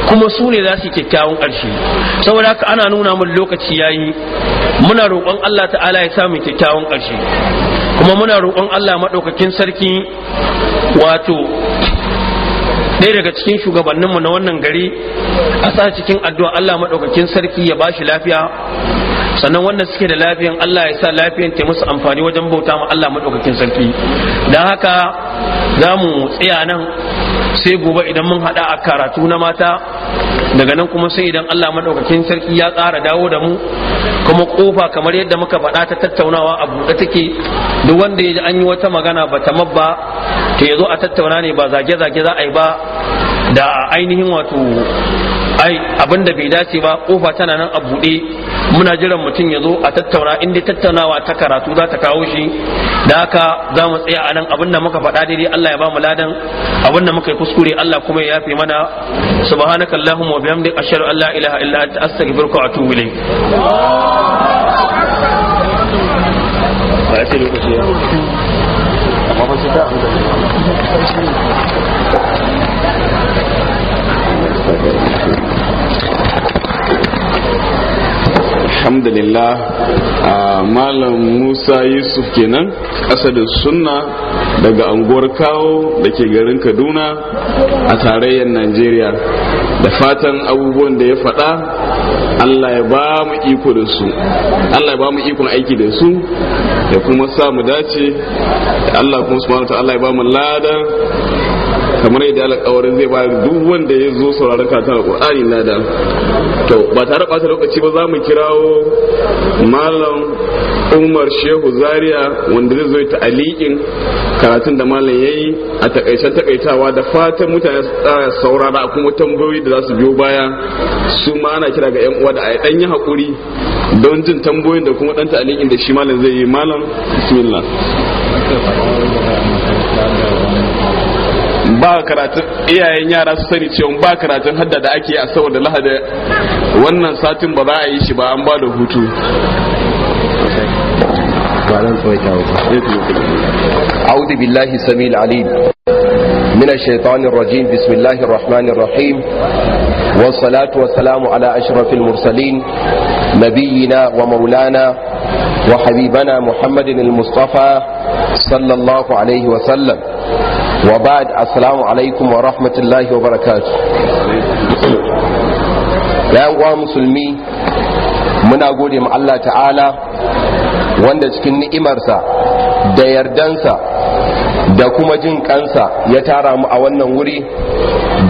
kuma su ne za su yi kyakkyawan ƙarshe saboda haka ana nuna mun lokaci yayi muna roƙon Allah ta'ala ya samu kyakkyawan karshe kuma muna roƙon Allah madaukakin sarki wato ɗaya daga cikin shugabanninmu na wannan gari a sa cikin addu'a Allah maɗaukakin sarki ya ba shi lafiya sannan wannan suke da lafiyan Allah ya sa lafiyan ta musu amfani wajen bauta ma Allah madaukakin sarki dan haka zamu mu tsaya nan sai gobe idan mun hada a karatu na mata daga nan kuma sai idan Allah madaukakin sarki ya ƙara dawo da mu kuma kofa kamar yadda muka faɗa ta tattaunawa a buɗe take duk wanda ya ji an yi wata magana ba ta mabba ta yazo a tattauna ne ba zage-zage za a yi ba da ainihin wato ai abin da bai dace ba kofa tana nan a buɗe muna jiran mutum ya zo a tattauna inda dai tattaunawa ta karatu za ta kawo shi da haka za mu tsaya a nan abin da muka faɗa daidai Allah ya ba mu ladan abin da muka yi kuskure Allah kuma ya yafe mana subhanaka allahumma wa bihamdika ashhadu an la ilaha illa anta astaghfiruka wa atubu ilayk alhamdulillah malam musa yusuf kenan asadin sunna daga anguwar kawo da ke garin kaduna a tarayyar najeriya da fatan abubuwan da ya faɗa allah ya ba mu iko da su allah ya ba mu ikon aiki da su ya kuma sa mu dace allah kuma su Allah ya ba mu ladan kamar yadda alƙawarin zai ba duk wanda ya zo sauraron karatun alƙur'ani na da to ba tare ɓata lokaci ba za mu kirawo malam umar shehu zaria wanda zai zo ta aliƙin karatun da malam ya yi a takaicen takaitawa da fatan mutane su tsara saurara kuma tambayoyi da za su biyo baya su ma ana kira ga 'yan uwa da a ɗan yi haƙuri don jin tambayoyin da kuma ɗan ta'aliƙin da shi malam zai yi malam bismillah ba karatun iyayen yara su sani cewa ba karatun hadda da ake a saboda lahada wannan satin ba za a yi shi ba an ba da hutu أعوذ بالله السميع العليم من الشيطان الرجيم بسم الله الرحمن الرحيم والصلاة والسلام على أشرف المرسلين نبينا ومولانا وحبيبنا محمد المصطفى sallallahu alaihi wasallam wa ba'd assalamu alaikum wa rahmatullahi wa barakatu. ya uwa musulmi muna gode ma Allah ta'ala wanda cikin ni'imarsa da yardansa da kuma jin kansa ya tara mu a wannan wuri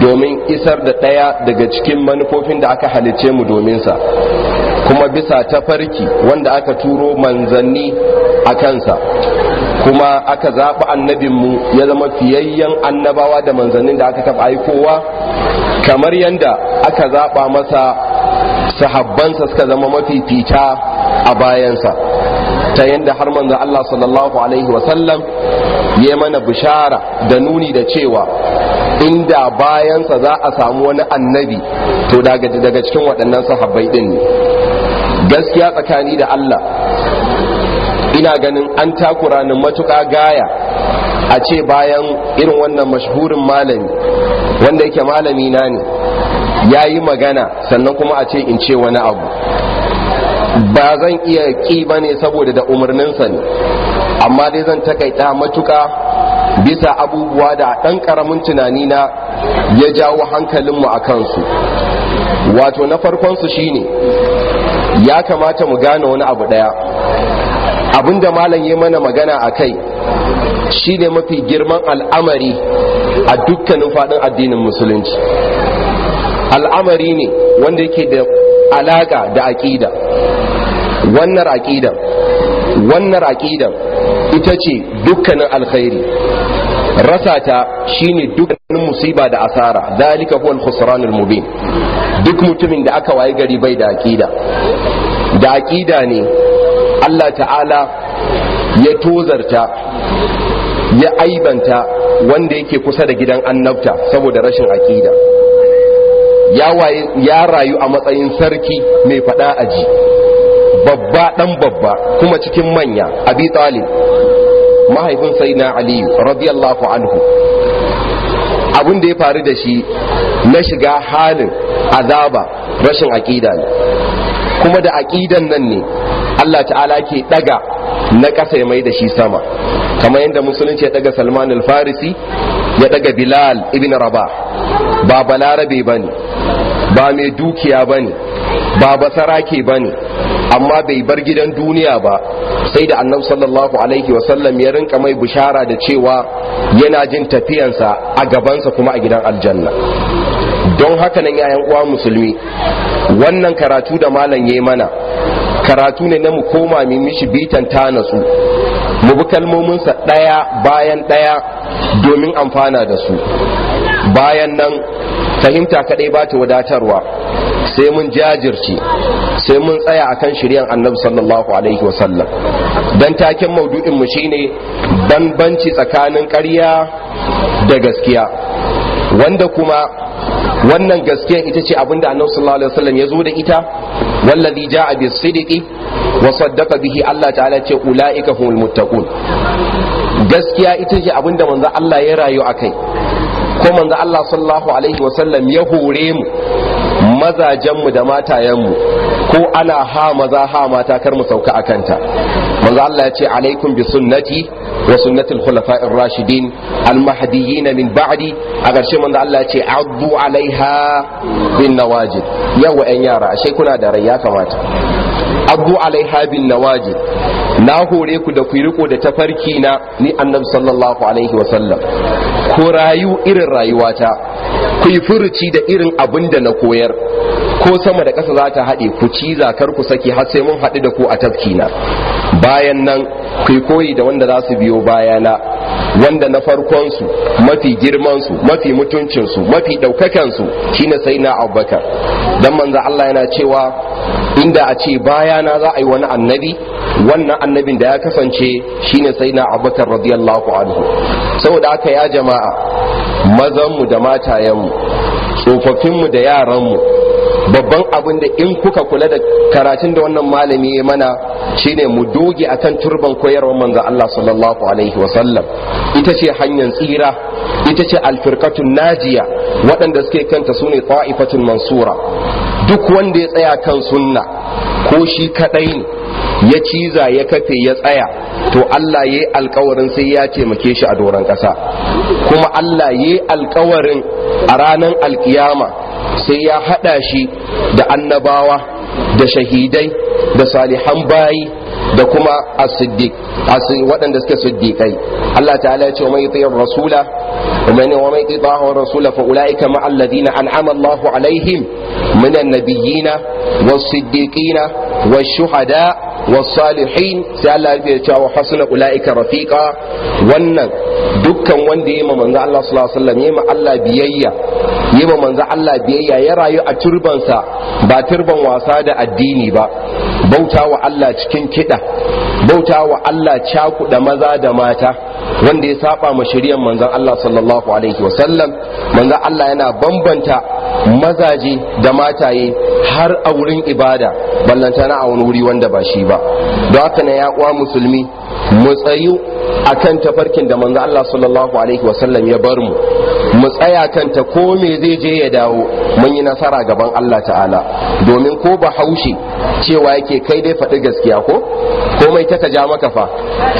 domin isar da ɗaya daga cikin manufofin da aka halice mu dominsa kuma bisa tafarki wanda aka turo manzanni a kansa kuma aka zaɓi annabinmu ya zama fiyayyen annabawa da manzannin da aka taɓa aikowa kamar yadda aka zaɓa masa sahabbansa suka zama mafi fita a bayansa ta yadda har manzo Allah sallallahu alaihi wasallam ya mana bishara da nuni da cewa inda bayansa za a samu wani annabi to daga cikin waɗannan sahabbai ɗin ne gaskiya tsakani da Allah ina ganin an takura ni matuƙa gaya a ce bayan irin wannan mashhurin malami wanda yake malami na ne ya yi magana sannan kuma a ce in ce wani abu ba zan iya ƙi ba ne saboda da umarninsa ne amma dai zan takaita matuƙa bisa abubuwa da ɗan ƙaramin tunani na ya jawo hankalinmu a kansu wato na farkon farkonsu shine ya kamata mu gane wani abu ɗaya abinda malam ya mana magana a kai shi ne mafi girman al'amari a dukkanin faɗin addinin musulunci al'amari ne wanda yake da alaƙa da aƙida wannan aƙidan wannan aƙidan ita ce dukkanin alkhairi rasa ta shine dukkanin musiba da asara zalika huwa al-khusran mubin duk mutumin da aka waye gari bai da aƙida. da aƙida ne Allah ta'ala ya tozarta ya aibanta wanda yake kusa da gidan annabta saboda rashin aƙida ya rayu a matsayin sarki mai faɗa aji babba ɗan babba kuma cikin manya abi talib mahaifin sai na aliyu radiyallahu anhu abin da ya faru da shi na shiga halin azaba rashin aƙida ne kuma da aƙidan nan ne Allah ta'ala ke daga na ƙasa ya mai da shi sama kamar yadda musulunci ya daga Salman al-Farisi ya daga Bilal ibn Raba, ba balarabe bane ba mai dukiya bane ba basarake bane amma bai bar gidan duniya ba sai da annabi sallallahu alaihi wasallam ya rinka mai bushara da cewa yana jin tafiyansa a gabansa kuma a gidan aljanna don haka nan yayan uwa musulmi wannan karatu da malam yayi mana karatu ne na mu koma mu mishi bitan ta nasu mu bi kalmominsa ɗaya bayan ɗaya domin amfana da su bayan nan fahimta kaɗai ba ta wadatarwa sai mun jajirce sai mun tsaya akan shiryan annabi sallallahu alaihi wasallam don taken maudu'in mu shine banbanci tsakanin ƙarya da gaskiya wanda kuma wannan gaskiya ita ce abinda annabi sallallahu alaihi wasallam ya zo da ita wallazi jaa bis sidiqi wa saddaqa bihi Allah ta'ala ce ulaika humul muttaqun gaskiya ita ce abinda manzo Allah ya rayu akai ko manzo Allah sallallahu alaihi wasallam ya hore mu mazajenmu da matayenmu ko ana ha maza ha mata kar mu sauka a kanta manzo Allah ya ce alaikum bi sunnati wa sunnati al rashidin al-mahdiyyin min ba'di a ƙarshe manzo Allah ya ce addu alaiha bin nawajid yawa ƴan yara ashe kuna da rai ya kamata addu alaiha bin nawajid na hore ku da ku riko da tafarki na ni annabi sallallahu alaihi wa sallam. ku rayu irin rayuwata ku yi furuci da irin abin da na koyar ko sama da ƙasa za ta haɗe ku ci zakar ku saki har sai mun haɗu da ku a tafkina bayan nan kai koyi da wanda za su biyo bayana wanda na farkon su mafi girman su mafi mutuncin su mafi daukakan su shine na Abubakar Don manzo Allah yana cewa inda a ce bayana za a yi wani annabi wannan annabin da ya kasance shine na Abubakar radiyallahu anhu saboda haka ya jama'a mazanmu da matayenmu tsofaffinmu da yaranmu babban abin da in kuka kula da karatun da wannan malami ya mana shine mu doge akan turban koyarwar manzo Allah sallallahu alaihi wa sallam ita ce hanyar tsira ita ce alfirkatun najiya waɗanda suke kanta sune qa'ifatun mansura duk wanda ya tsaya kan sunna ko shi kadai ne ya ciza ya kafe ya tsaya to Allah yayi alkawarin sai ya taimake shi a doron ƙasa kuma Allah yayi alkawarin a ranar alkiyama sai ya haɗa shi da annabawa da shahidai da salihan bayi da kuma as-siddiq waɗanda suke siddiqai Allah ta'ala ya ce wa mai yutiyar rasula wa mai wa mai yutiyar rasula fa ulaika ma alladhina an'ama Allahu alaihim min an-nabiyina was-siddiqina wash-shuhada salihin sai Allah ya ce wa hasuna ulaika rafiqa wannan dukkan wanda yayi manzo Allah sallallahu alaihi wasallam yayi Allah biyayya yayi manzo Allah biyayya ya rayu a turbansa ba turban wasa da addini ba bauta wa Allah cikin kida bauta wa Allah cakuɗa maza da mata wanda ya saba ma shari'ar manzon Allah sallallahu alaihi wasallam manzon Allah yana bambanta mazaje da mataye har a wurin ibada ballantana a wani wuri wanda ba shi ba don haka na ya uwa musulmi mu tsayu kan tafarkin da manzo Allah sallallahu alaihi wasallam ya bar mu mu tsaya ta, ko me zai je ya dawo mun yi nasara gaban Allah ta'ala domin ko ba haushe cewa yake kai dai faɗi gaskiya ko komai ta ja maka fa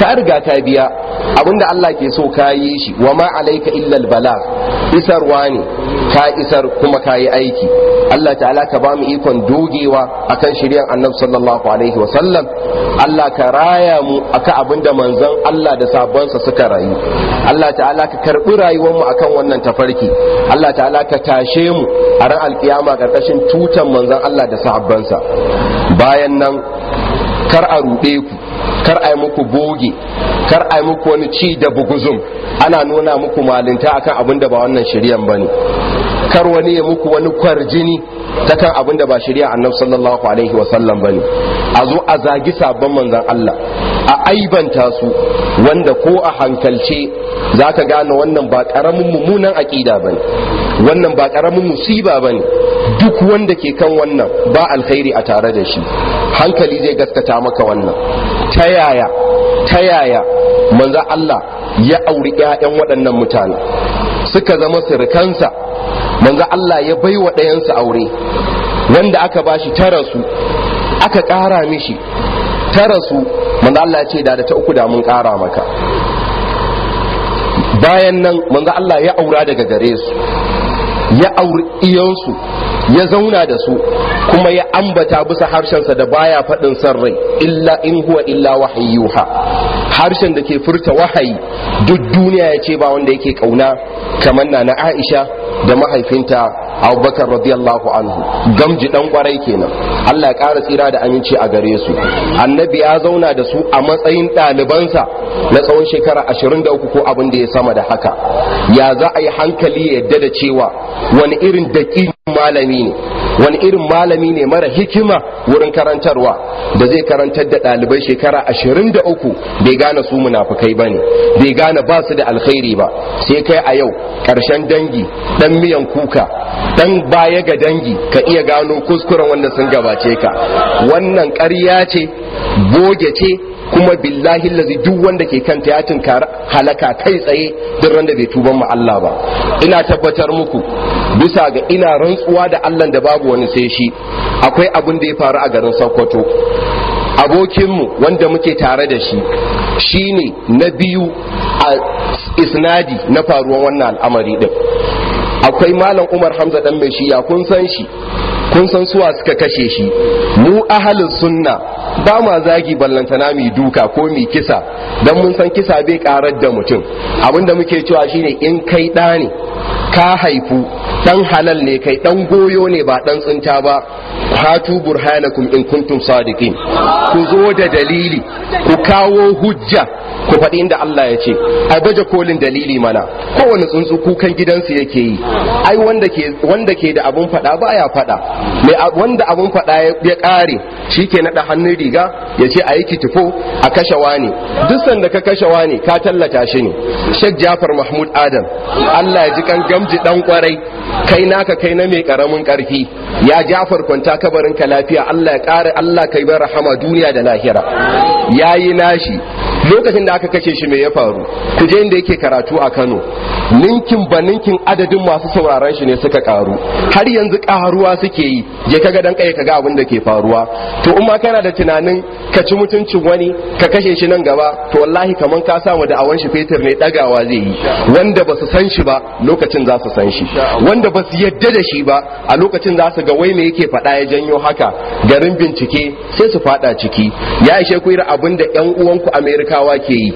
ka riga ka biya abinda Allah ke so ka yi shi wa ma alaika illal bala isarwa ne ka isar kuma ka yi aiki Allah ta'ala ka ba mu ikon dogewa akan shiryan annabi sallallahu alaihi wa sallam Allah ka raya mu akan abinda manzon Allah da sabansa suka rayu Allah ta'ala ka karɓi rayuwar mu akan wannan tafarki Allah ta'ala ka tashe mu a ran alkiyama karkashin tutan manzon Allah da sahabbansa bayan nan kar a ruɗe ku kar a yi muku boge kar a yi muku wani ci da buguzum ana nuna muku malinta akan abin da ba wannan shiryan bane kar wani ya muku wani kwarjini ta kan abin da ba shari'a annabi sallallahu alaihi wa sallam bane a zo a zagi sabon manzan Allah a aibanta su wanda ko a hankalce zaka gane wannan ba karamin mummunan aqida bane wannan ba karamin musiba bane duk wanda ke kan wannan ba alkhairi a tare da shi hankali zai gaskata maka wannan ta yaya ta yaya manzon Allah ya auri 'ya'yan waɗannan mutane suka zama sirkansa manzo Allah ya bai wa ɗayansu aure wanda aka bashi tara aka ƙara mishi tara su manzo Allah ya ce da da ta uku da mun ƙara maka bayan nan manzo Allah ya aura daga gare su ya auri iyansu ya zauna da su kuma ya ambata bisa harshensa da baya faɗin san rai illa in huwa illa wahayi harshen da ke furta wahayi duk duniya ya ce ba wanda yake kauna kamar na na Aisha da mahaifinta abubakar radiyallahu anhu gamji dan kwarai kenan allah ya ƙara tsira da aminci a gare su annabi ya zauna da su a matsayin ɗalibansa na tsawon shekara ashirin da uku ko abin da ya sama da haka ya za a yi hankali ya yadda da cewa wani irin daƙi malami ne wani irin malami ne mara hikima wurin karantarwa da zai karantar da ɗalibai shekara ashirin da uku bai gane su munafukai ba ne bai gane ba su da alkhairi ba sai kai a yau ƙarshen dangi ɗan miyan kuka ɗan baya ga dangi ka iya gano kuskuren wanda sun gabace ka wannan ƙarya ce boge ce kuma billahi lazi duk wanda ke kanta ya tunkara halaka kai tsaye duk randa bai tuban mu Allah ba ina tabbatar muku bisa ga ina rantsuwa da Allah da babu wani sai shi akwai abun da ya faru a garin Sokoto abokinmu wanda muke tare da shi shine na biyu a isnadi na faruwan wannan al'amari din akwai malam Umar Hamza dan mai shi ya kun san shi kun san suwa suka kashe shi mu ahalin sunna ba ma zagi ballantana mi duka ko mai kisa don mun san kisa bai karar da mutum abinda muke cewa shine in kai ɗa ne ka haifu ɗan halal ne kai ɗan goyo ne ba ɗan tsinta ba hatu burhanakum in kuntum sadiqin ku zo da dalili ku kawo hujja ku faɗi inda Allah ya ce a baje kolin dalili mana kowane tsuntsu kukan gidansu yake yi ai wanda ke wanda ke da abun faɗa baya faɗa mai wanda abun faɗa ya ƙare shi ke naɗa hannun riga ya ce a yi kitifo a kashe wani duk sanda ka kashe wani ka tallata shi ne shek Jafar Mahmud Adam Allah ya ji kan gamji dan kwarai kai naka kai na mai karamin karfi ya Jafar kwanta kabarin ka lafiya Allah ya kare Allah kai bar rahama duniya da lahira yayi nashi lokacin da aka kashe shi me ya faru kuje inda yake karatu a Kano ninkin ba ninkin adadin masu sauraron shi ne suka karu har yanzu karuwa suke yi je ga dan kai ga abin da ke faruwa to in ma kana da tunanin ka ci mutuncin wani ka kashe shi nan gaba to wallahi kaman ka samu da awan shi fetur ne dagawa zai yi wanda ba su san shi ba lokacin za su san shi wanda ba su yadda da shi ba a lokacin za su ga wai me yake faɗa ya janyo haka garin bincike sai su faɗa ciki ya ishe ku irin abin da 'yan uwanku Amerika turawa ke yi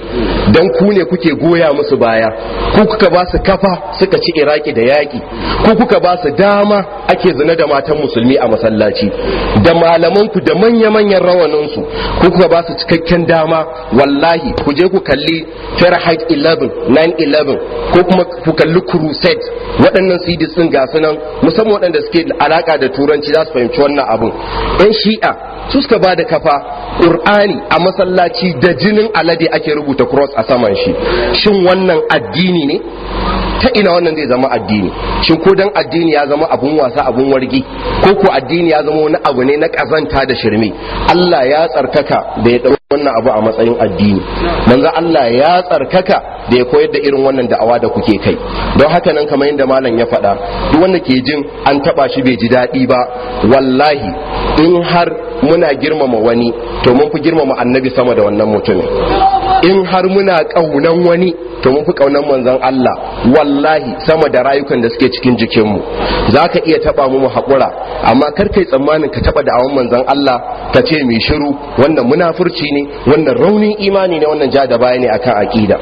don ku ne kuke goya musu baya ku kuka ba su kafa suka ci iraki da yaƙi ku kuka ba su dama ake zina da matan musulmi a masallaci da malamanku da manya-manyan rawaninsu ku kuka ba su cikakken dama wallahi ku je ku kalli fahrenheit 11 9-11 ko kuma ku kalli crusade waɗannan sidi sun ga sunan musamman waɗanda suke alaka da turanci za su fahimci wannan abun yan shi'a su suka ba da kafa ƙur'ani a masallaci da jinin alade ake rubuta cross a saman shi shin wannan addini ne ta ina wannan zai zama addini shin ko dan addini ya zama abun wasa abun wargi ko ko addini ya zama wani abu ne na ƙazanta da shirme Allah ya tsarkaka da ya wannan abu a matsayin addini manzo Allah ya tsarkaka da ya koyar da irin wannan da'awa da kuke kai don haka nan kamar yadda malam ya faɗa duk wanda ke jin an taba shi bai ji daɗi ba wallahi in har muna girmama wani to mun fi girmama annabi sama da wannan mutumin in har muna ƙaunan wani to mun fi kaunar manzon Allah wallahi sama da rayukan da suke cikin jikin mu zaka iya taba mu hakura amma kar kai tsammanin ka taba awan manzon Allah ka ce mai shiru wannan munafurci ne wannan raunin imani ne wannan ja da baya ne akan aƙida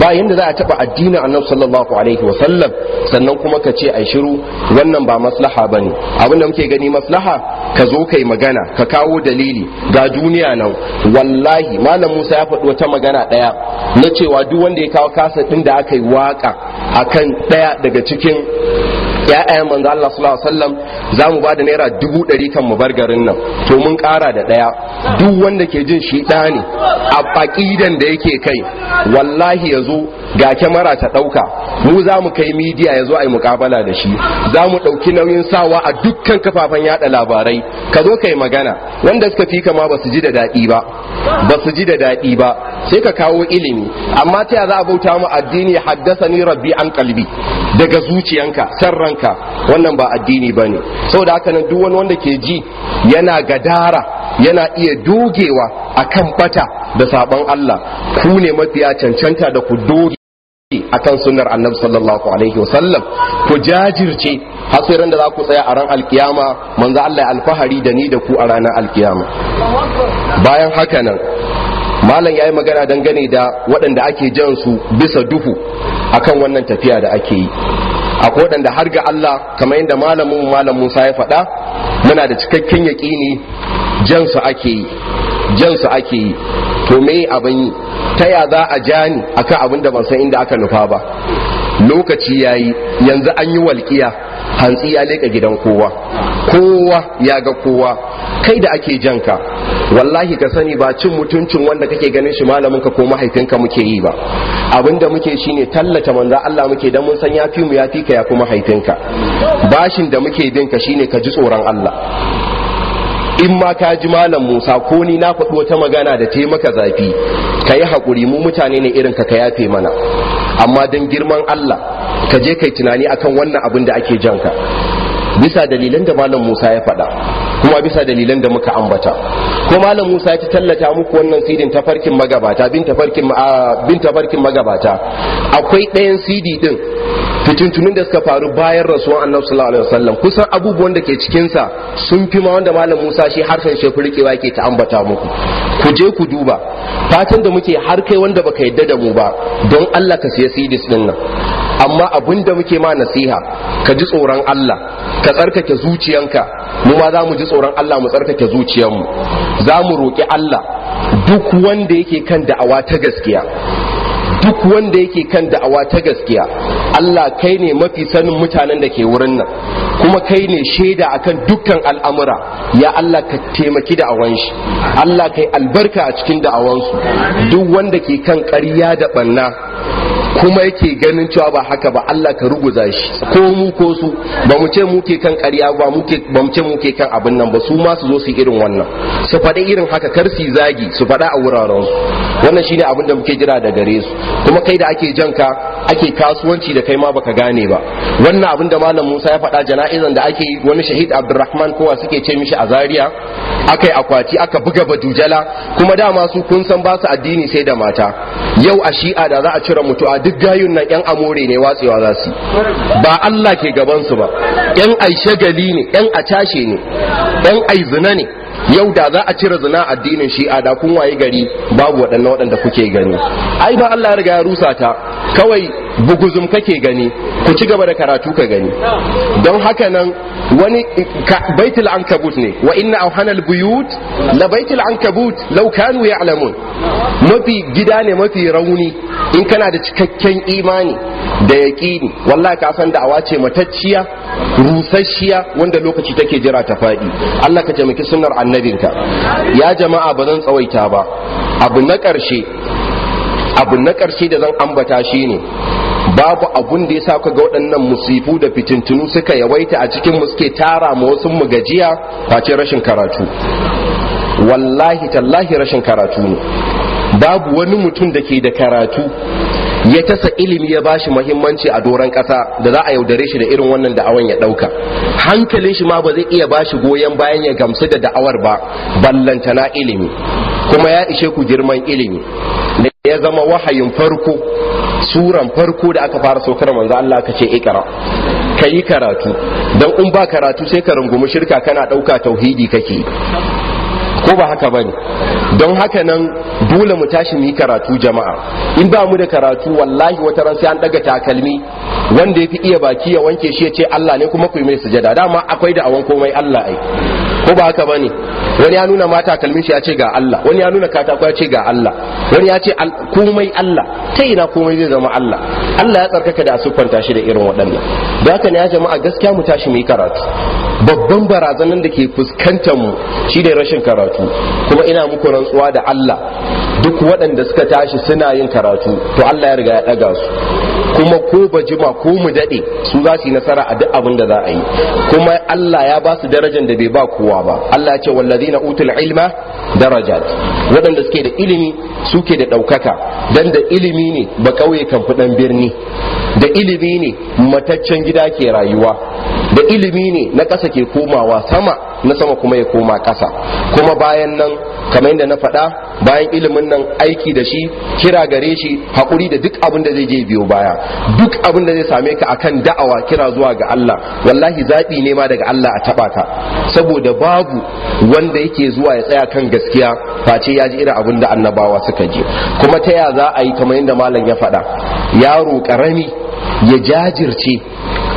ba yanda za a taba addinin annabi sallallahu alaihi wa sallam sannan kuma ka ce ai shiru wannan ba maslaha bane abin da muke gani maslaha ka zo kai magana ka kawo dalili ga duniya nan wallahi malam Musa ya faɗi wata magana ɗaya na cewa duk wanda ya kawo kasa din da aka yi waka a kan ɗaya daga cikin ya'yan manzo Allah sallallahu alaihi wasallam ba bada naira dubu ɗari kan mu bar garin nan to mun ƙara da ɗaya duk wanda ke jin shi ne a faƙidan da yake kai wallahi yazo ga kyamara ta ɗauka mu za mu kai midiya yazo a yi muƙabala da shi za mu ɗauki nauyin sawa a dukkan kafafen yada labarai ka zo ka yi magana wanda suka fi kama ba ji da daɗi ba su ji da daɗi ba sai ka kawo ilimi amma ta za a bauta mu addini haddasa ni rabbi an kalbi daga zuciyanka san ranka wannan ba addini bane saboda haka nan duk wani wanda ke ji yana gadara yana iya dogewa akan fata da sabon Allah ku ne mafiya cancanta da ku doge akan sunnar annabi sallallahu alaihi wasallam ku jajirce hasirin da za ku tsaya a ran alkiyama manzo Allah ya alfahari da ni da ku a ranar alkiyama bayan haka nan malam ya yi magana dangane da waɗanda ake jan su bisa duhu akan wannan tafiya da ake yi akwai waɗanda har ga Allah kamar yadda malamin malam Musa ya faɗa muna da cikakken yaƙini jan su ake yi jan su ake yi to me abin yi ta ya za a ja ni akan abin da ban san inda aka nufa ba lokaci yayi yanzu an yi walƙiya hantsi ya leka gidan kowa kowa ya ga kowa kai da ake janka wallahi ka sani ba cin mutuncin wanda kake ganin shi malamin ka ko mahaifinka muke yi ba abinda muke shine tallata manzo Allah muke dan mun san ya fi mu ya fi ka ya kuma mahaifinka bashin da muke bin ka shine ka ji tsoron Allah in ma ka ji malam Musa ko ni na faɗi wata magana da ta maka zafi ka yi haƙuri mu mutane ne irin ka ka yafe mana amma don girman Allah ka je kai tunani akan wannan abin da ake janka bisa dalilan da malam Musa ya faɗa kuma bisa dalilan da muka ambata ko malam Musa ya tallata muku wannan sidin farkin magabata bin tafarkin ah, bin magabata akwai ɗayan sidi din fitintunin da suka faru bayan rasuwan annabi sallallahu alaihi wasallam kusan abubuwan da ke cikinsa sun fi ma wanda malam Musa shi harshen shekuru ke yake ta ambata muku ku je ku duba fatan da muke har kai wanda baka yadda da mu ba don Allah ka siya sidis din nan amma abin da muke ma nasiha ka ji tsoron Allah ka tsarkake zuciyanka mu ma za mu ji tsoron Allah mu tsarkake zuciyanmu za mu roƙi Allah duk wanda yake kan da'awa ta gaskiya duk wanda yake kan da'awa ta gaskiya Allah kai ne mafi sanin mutanen da ke wurin nan kuma kai ne shaida akan dukkan al'amura ya Allah ka taimaki da'awan shi Allah kai albarka a cikin da'awansu duk wanda ke kan ƙarya da banna kuma yake ganin cewa ba haka ba Allah ka ruguza shi ko mu ko su ba mu ce muke kan ƙarya ba muke ba mu ce muke kan abin nan ba su ma su zo su irin wannan su faɗi irin haka kar su zagi su faɗa a wuraren su wannan shine abin da muke jira da gare su kuma kai da ake jan ka ake kasuwanci da kai ma baka gane ba wannan abin da malam Musa ya faɗa jana'izan da ake wani shahid Abdulrahman kowa suke ce mishi a Zariya aka akwati aka buga badujala kuma dama su kun san ba su addini sai da mata yau a shi'a da za a cire mutu a duk gayun nan yan amore ne watsewa za su ba Allah ke gaban su ba yan aishagali ne yan a tashe ne yan aizina ne yau da za a cire zina addinin shi'a da kun waye gari babu waɗannan waɗanda kuke gani ai ba Allah ya riga ya rusa ta kawai buguzum kake gani ku ci gaba da karatu ka gani don haka nan wani baitul ankabut ne wa inna awhana buyut la baitul ankabut law kanu ya'lamun mafi gida ne mafi rauni in kana da cikakken imani da ni wallahi ka san da'awa ce matacciya rusasshiya wanda lokaci take jira ta faɗi. Allah ka taimaki sunnar annabinka ya jama'a ba zan tsawaita ba abu na ƙarshe abu na ƙarshe da zan ambata ne babu abun da ya sa ka ga waɗannan musifu da fitintunu suka yawaita a cikin mu suke tara ma wasu mu gajiya face rashin karatu wallahi tallahi rashin karatu ne babu wani mutum da ke da karatu ya tasa ilimi ya bashi muhimmanci a doron kasa da za a yaudare shi da irin wannan da'awan ya ɗauka hankalin shi ma ba zai iya bashi goyon bayan ya gamsu da da'awar ba ballantana ilimi kuma ya ishe ku girman ilimi da ya zama wahayin farko suran farko da aka fara saukar manzo Allah ka ce ikra kai karatu dan in ba karatu sai ka rungumi shirka kana ɗauka tauhidi kake ko ba haka bane don haka nan dole mu tashi mu karatu jama'a in ba mu da karatu wallahi wata ran sai an daga takalmi wanda yafi iya baki ya wanke shi ya ce Allah ne kuma ku yi mai sujada dama akwai da awan komai Allah ai ko ba haka bane wani ya nuna mata kalmin shi ya ce ga Allah wani ya nuna katako ya ce ga Allah wani ya ce komai Allah ta ina komai zai zama Allah Allah ya tsarkaka da kwanta shi da irin waɗannan da haka ne ya jama'a gaskiya mu tashi mu yi karatu babban barazanan da ke fuskantar mu shi da rashin karatu kuma ina muku rantsuwa da Allah duk waɗanda suka tashi suna yin karatu to Allah ya riga ya ɗaga su kuma ko ba jima ko mu daɗe su za su yi nasara a duk abin da za a yi kuma Allah ya ba su darajar da bai ba kowa ba Allah ya ce wallazina utul ilma darajat waɗanda suke da ilimi suke da ɗaukaka dan da ilimi ne ba ƙauye kan ɗan birni da ilimi ne mataccen gida ke rayuwa da ilimi ne na ƙasa ke komawa sama na sama kuma ya koma ƙasa kuma bayan nan kamar yadda na faɗa bayan ilimin nan aiki da shi kira gare shi haƙuri da duk abin da zai je biyo baya duk abin da zai same ka akan da'awa kira zuwa ga Allah wallahi zaɓi ne ma daga Allah a taɓa ka saboda babu wanda yake zuwa ya tsaya kan gaskiya face ya ji irin abin da annabawa suka ka je kuma ta ya za a yi kamar yadda malam ya faɗa yaro ƙarami ya jajirce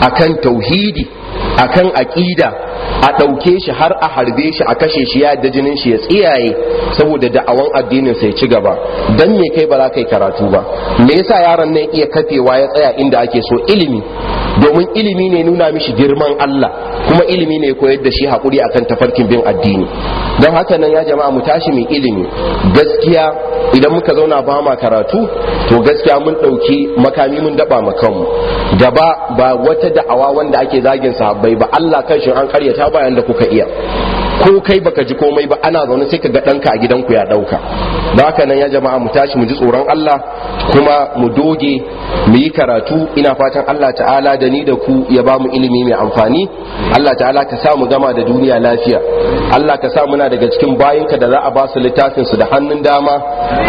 akan tauhidi akan aƙida a ɗauke shi har a harbe shi a kashe shi ya da jinin shi ya tsiyaye saboda da'awan addinin sai ci gaba dan me kai ba za ka yi karatu ba me yasa yaron nan iya kafewa ya tsaya inda ake so ilimi domin ilimi ne nuna mishi girman Allah kuma ilimi ne koyar da shi hakuri akan tafarkin bin addini don haka nan ya jama'a mu tashi mu ilimi gaskiya idan muka zauna ba ma karatu to gaskiya mun ɗauki makami mun daba ma kanmu gaba ba wata da'awa wanda ake zagin sahabbai ba Allah kanshi an karyata ta bayan da kuka iya ko kai baka ji komai ba ana zaune sai ka ga danka a gidanku ya ɗauka da haka nan ya jama'a mu tashi mu ji tsoron Allah kuma mu doge mu yi karatu ina fatan Allah ta'ala da ni da ku ya ba mu ilimi mai amfani Allah ta'ala ka sa mu gama da duniya lafiya Allah ka sa muna daga cikin bayinka da za a ba su littafin su da hannun dama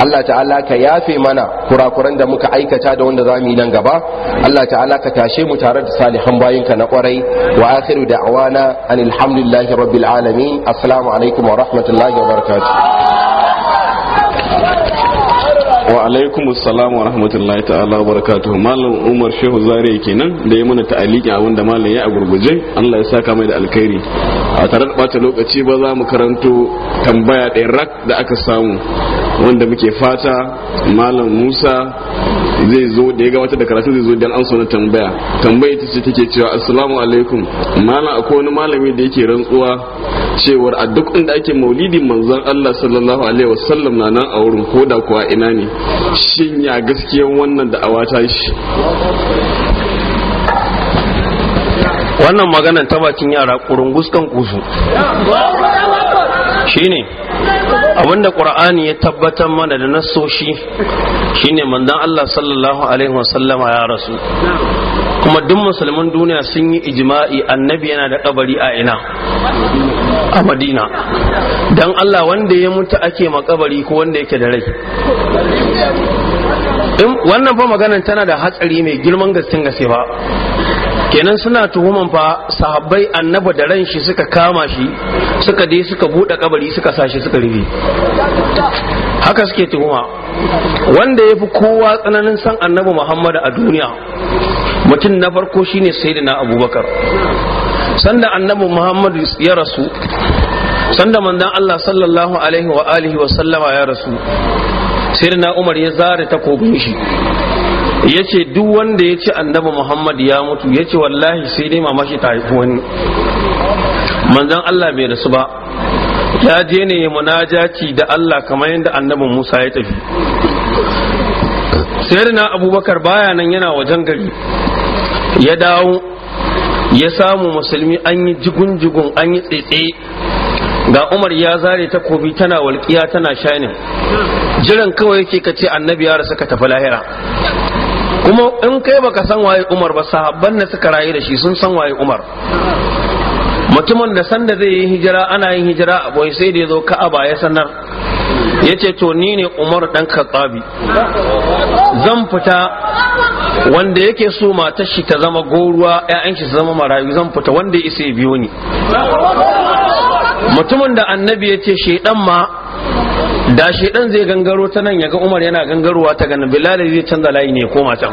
Allah ta'ala ka yafe mana kurakuran da muka aikata da wanda za mu yi nan gaba Allah ta'ala ka tashe mu tare da salihan bayinka na kwarai wa akhiru da'wana anil hamdulillahi rabbil alamin assalamu alaikum wa rahmatullahi wa barakatuh wa alaikum assalamu wa rahmatullahi ta'ala wa barakatuh malam umar shehu zare kenan da ya mana ta'aliki abin da malam ya a gurguje Allah ya saka mai da alkhairi a tare da bata lokaci ba za mu karanto tambaya ɗaya rak da aka samu wanda muke fata malam musa zai zo da ya gabatar da karatu zai zo dan an sona tambaya tambaya ita ce take cewa assalamu alaikum malam akwai wani malami da yake rantsuwa cewar a duk inda ake maulidi manzon Allah sallallahu alaihi wasallam na nan a wurin koda kuwa ina ne shin ya gaskiyan wannan da awata shi wannan maganan ta bakin yara kan kusu shine abinda qur'ani ya tabbatar mana da nasoshi shine manzon Allah sallallahu alaihi wasallama ya rasu kuma duk musulmin duniya sun yi ijma'i annabi yana da kabari a ina a madina dan Allah wanda ya mutu ake makabari ko wanda yake da rai wannan fa maganan tana da hatsari mai girman gaske ba kenan suna tuhuman fa sahabbai annaba da ran shi suka kama shi suka dai suka bude kabari suka sashi suka rufe haka suke tuhuma wanda ya fi kowa tsananin san annabi muhammad a duniya mutum na farko shine sayyidina abubakar sanda annabi muhammad ya rasu sanda manzon allah sallallahu alaihi wa alihi wa sallama ya rasu sayyidina umar ya zare takobin shi Yace duk wanda ya ce annabi muhammad ya mutu yace ce wallahi sai dai mamashi ta haifi wani manzan allah bai rasu ba ya je ne munajaci da allah kamar yadda annabi musa ya tafi sayyidina abubakar baya nan yana wajen gari ya dawo ya samu musulmi an yi jigun-jigun an yi tsetse ga umar ya zare takobi tana walƙiya tana shanin jiran kawai yake ka ce annabi ya rasu ka tafi lahira kuma in kai baka san waye umar ba sahabban da suka rayu da shi sun san waye umar mutumin da sanda zai yi hijira ana yin hijira a boye sai da ya zo ka'aba ya sanar yace to ni ne umar dan Khattabi zan fita wanda yake so matar shi ta zama goruwa 'ya'yan shi su zama marayu zan fita wanda ya isa biyu biyo ni mutumin da annabi yace ce ma da shi dan zai gangaro ta nan ga Umar yana gangarowa ta ganin Bilal zai canza layi ne koma can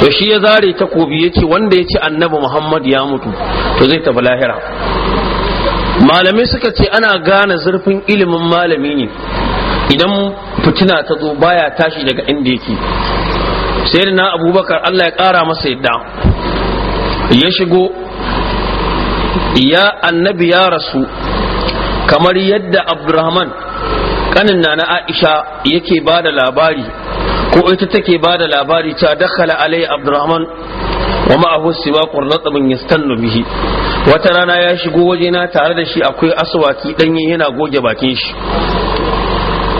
to shi ya zare ta kobi yace wanda ya yace Annabi Muhammad ya mutu to zai tafi lahira malamai suka ce ana gane zurfin ilimin malami ne idan fitina ta zo baya tashi daga inda yake sai na abubakar Allah ya kara masa yadda ya shigo ya annabi ya rasu kamar yadda abdurrahman kanin na aisha yake ba da labari ko ita take ba da labari ta dakhala alai abdurrahman wa ma'ahu siwaqun ratabun yastannu bihi wata rana ya shigo wajena tare da shi akwai aswaki danye yana goge bakin shi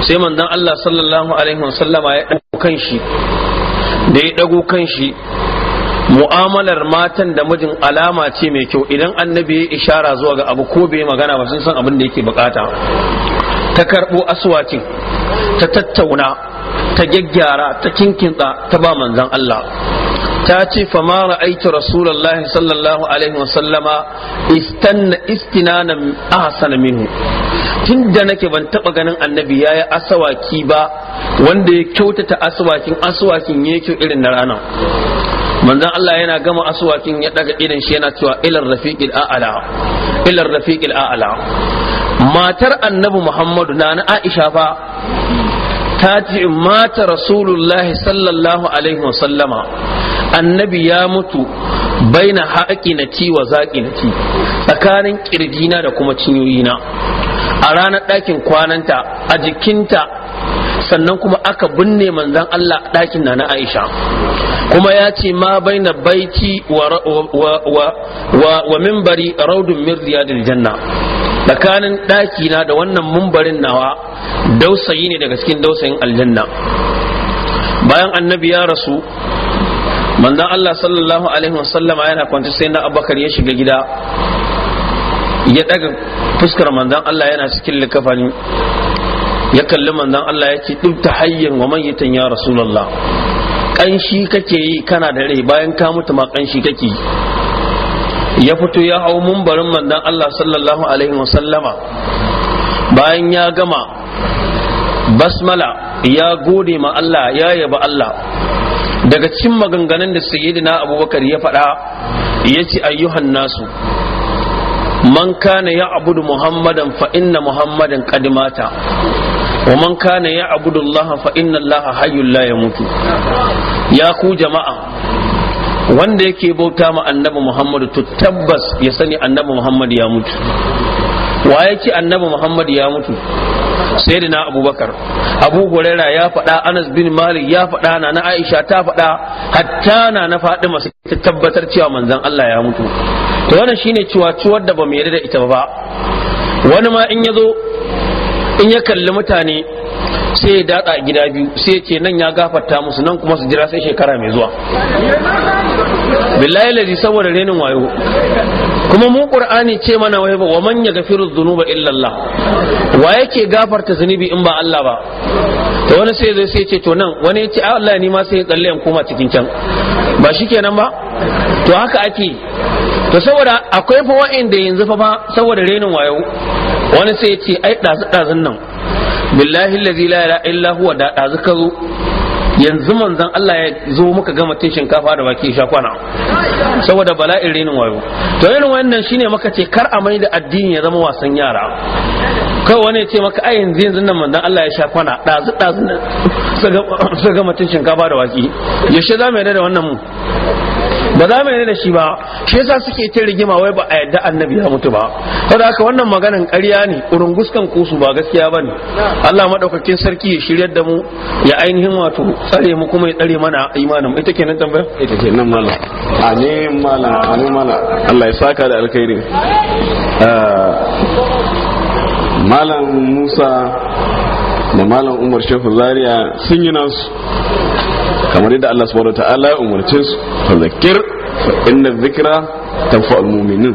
sai manzon Allah sallallahu alaihi wasallama ya dago kanshi. da ya dago kan mu'amalar matan da mijin alama ce mai kyau idan annabi ya ishara zuwa ga abu ko bai magana ba sun san abin da yake bukata ta karbo aswacin ta tattauna ta gyaggyara ta kinkinta ta ba manzon Allah ta ce fama ra'aitu rasulullahi sallallahu alaihi wasallama istanna istinanan ahsana minhu tun da nake ban taba ganin annabi yayi asawaki ba wanda ya kyautata aswakin aswakin yake irin na ranan. manzon Allah yana gama asuwakin ya daga idan shi yana cewa ilar rafiqil a'ala. ilar rafiqil a'ala. matar annabi Muhammadu na Aisha fa ta ce mata rasulullahi sallallahu alaihi wasallama annabi ya mutu baina haƙi na ci wa zaƙi na ci tsakanin ƙirjina da kuma cinyoyina a ranar ɗakin kwananta a jikinta sannan kuma aka binne manzan Allah ɗakin na na Aisha kuma ya ce ma baina baiti wa mimbari raudun min da janna tsakanin ɗakina da wannan mumbarin nawa dausayi ne daga cikin dausayin aljanna bayan annabi ya rasu manzan Allah sallallahu alaihi wasallama yana kwanci sai na abakar ya shiga gida ya ɗaga fuskar manzan Allah yana cikin likafani ya kalli manzon Allah ya ce ta hayyan wa mayyitan ya rasulullah ƙanshi kake yi kana da rai bayan ka mutu ma kanshi kake ya fito ya hau mumbarin manzon Allah sallallahu alaihi wa sallama bayan ya gama basmala ya gode ma Allah ya yaba Allah daga cikin maganganun da sayyidina abubakar ya faɗa ya ce ayyuhan nasu man kana ya abudu muhammadan fa inna muhammadan kadimata wa man kana ya abudullaha fa inna allaha hayyul la yamutu ya ku jama'a wanda yake bauta ma annabi muhammadu to tabbas ya sani annabi muhammadu ya mutu wa yake annabi muhammadu ya mutu sayyidina abubakar abu huraira ya faɗa anas bin malik ya faɗa na na aisha ta faɗa hatta na na faɗi masu ta tabbatar cewa manzon allah ya mutu to wannan shine ciwaciwar da ba mu yarda da ita ba wani ma in ya zo in ya kalli mutane sai ya dada gida biyu sai ya ce nan ya gafarta musu nan kuma su jira sai shekara mai zuwa billahi lazi saboda renin wayo kuma mu qur'ani ce mana wai wa man yaghfiru dhunuba illa Allah wa yake gafarta zunubi in ba Allah ba to wani sai zai sai ce to nan wani ya ce Allah ni ma sai ya tsalle in koma cikin can ba shikenan ba to haka ake to saboda akwai fa wa'anda yanzu fa saboda renin wayo wani sai ya ce ai ɗazu ɗazun nan billahi allazi la ilaha illa huwa da ɗazu ka zo yanzu manzon Allah ya zo muka gama tin shinkafa da baki sha kwana saboda bala'in renin wayo to irin wannan shine maka ce kar a mai da addini ya zama wasan yara kai wani ya ce maka ai yanzu yanzu nan manzon Allah ya sha kwana ɗazu ɗazu nan sai gama mutum shinkafa da waki yaushe za mu yarda da wannan mu ba za mu da shi ba shi yasa suke ta rigima wai ba a yadda annabi ya mutu ba kada haka wannan maganan ƙarya ne urunguskan kusu ba gaskiya bane Allah madaukakin sarki ya shiryar da mu ya ainihin wato tsare mu kuma ya tsare mana imanin ita kenan tambaya ita kenan mallam amin mallam amin mallam Allah ya saka da alkhairi ah, malam Musa da malam Umar Shehu Zaria sun yi nasu kamar yadda Allah subhanahu wataala ya umarce su fa zakir fa inna dhikra tanfa'ul mu'minin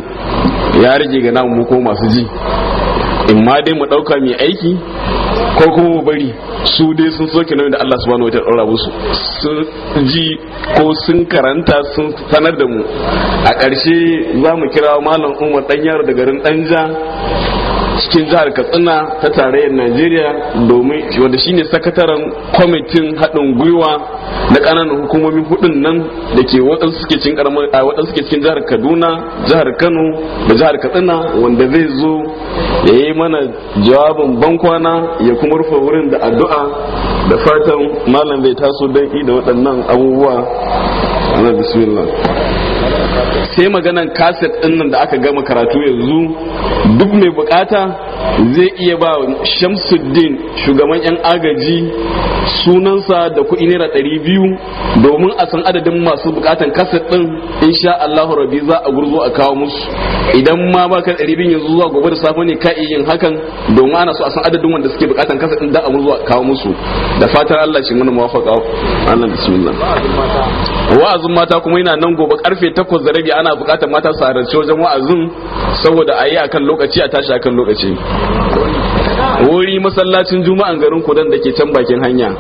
ya rage ga namu ko masu ji in ma dai mu dauka mai aiki ko kuma mu bari su dai sun soke nan da Allah subhanahu wataala rabu musu sun ji ko sun karanta sun sanar da mu a ƙarshe za mu kira malam Umar dan yaro da garin Danja cikin jihar katsina ta tarayyar najeriya domin wanda shine sakataren kwamitin haɗin gwiwa na ƙananan hukumomi hudun nan da ke waɗansu suke cikin jihar kaduna jihar kano da jihar katsina wanda zai zo ya yi mana jawabin bankwana ya kuma rufe wurin da addu'a da fatan malam zai taso don da waɗannan abubuwa bismillah sai maganan kaset din nan da aka gama karatu yanzu duk mai bukata zai iya ba shamsuddin shugaban yan agaji sunansa da kuɗi naira ɗari biyu domin a san adadin masu bukatan kaset din insha allahu rabi za a gurzo a kawo musu idan ma baka ɗari biyu yanzu zuwa gobe da safe ne ka iya yin hakan domin ana so a san adadin wanda suke bukatan kaset din da a gurzo a kawo musu da fatan allah shi mana mawafaka allah bismillah wa'azin mata kuma yana nan gobe karfe takwas da rabi ana bukatar mata su halarci wajen wa'azin saboda a yi a kan lokaci a tashi kan lokaci wuri masallacin juma'an garin kudan da ke can bakin hanya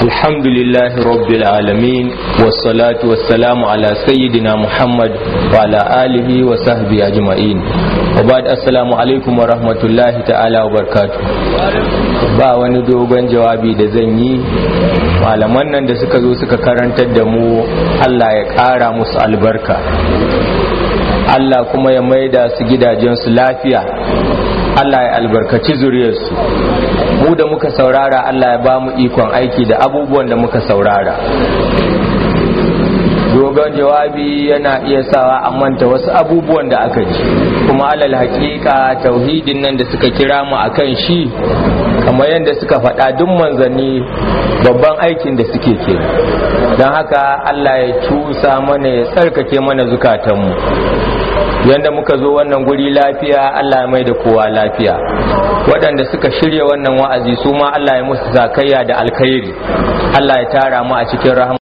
الحمد لله رب alamin والصلاة ala sayyidina muhammad muhammad. وعلى آله وصحبه أجمعين وبعد السلام عليكم ورحمة الله تعالى وبركاته ba wani dogon jawabi da zan yi malaman nan da suka zo suka karantar da mu Allah ya ƙara musu albarka Allah kuma ya maida su gidajensu lafiya Allah ya albarkaci zuriyarsu mu da muka saurara Allah ya ba mu ikon aiki da abubuwan da muka saurara don jawabi yana iya sawa a manta wasu abubuwan da aka ji kuma alal hakika tauhidin nan da suka kira mu kan shi kamar yadda suka faɗa duk manzanni babban aikin da suke ke don haka allah ya cusa mana ya tsarkake mana zukatanmu yadda muka zo wannan guri lafiya allah ya mai da kowa lafiya waɗanda suka shirya wannan wa'azi su ma allah ya musu zakayya da alkhairi allah ya tara mu a cikin rahama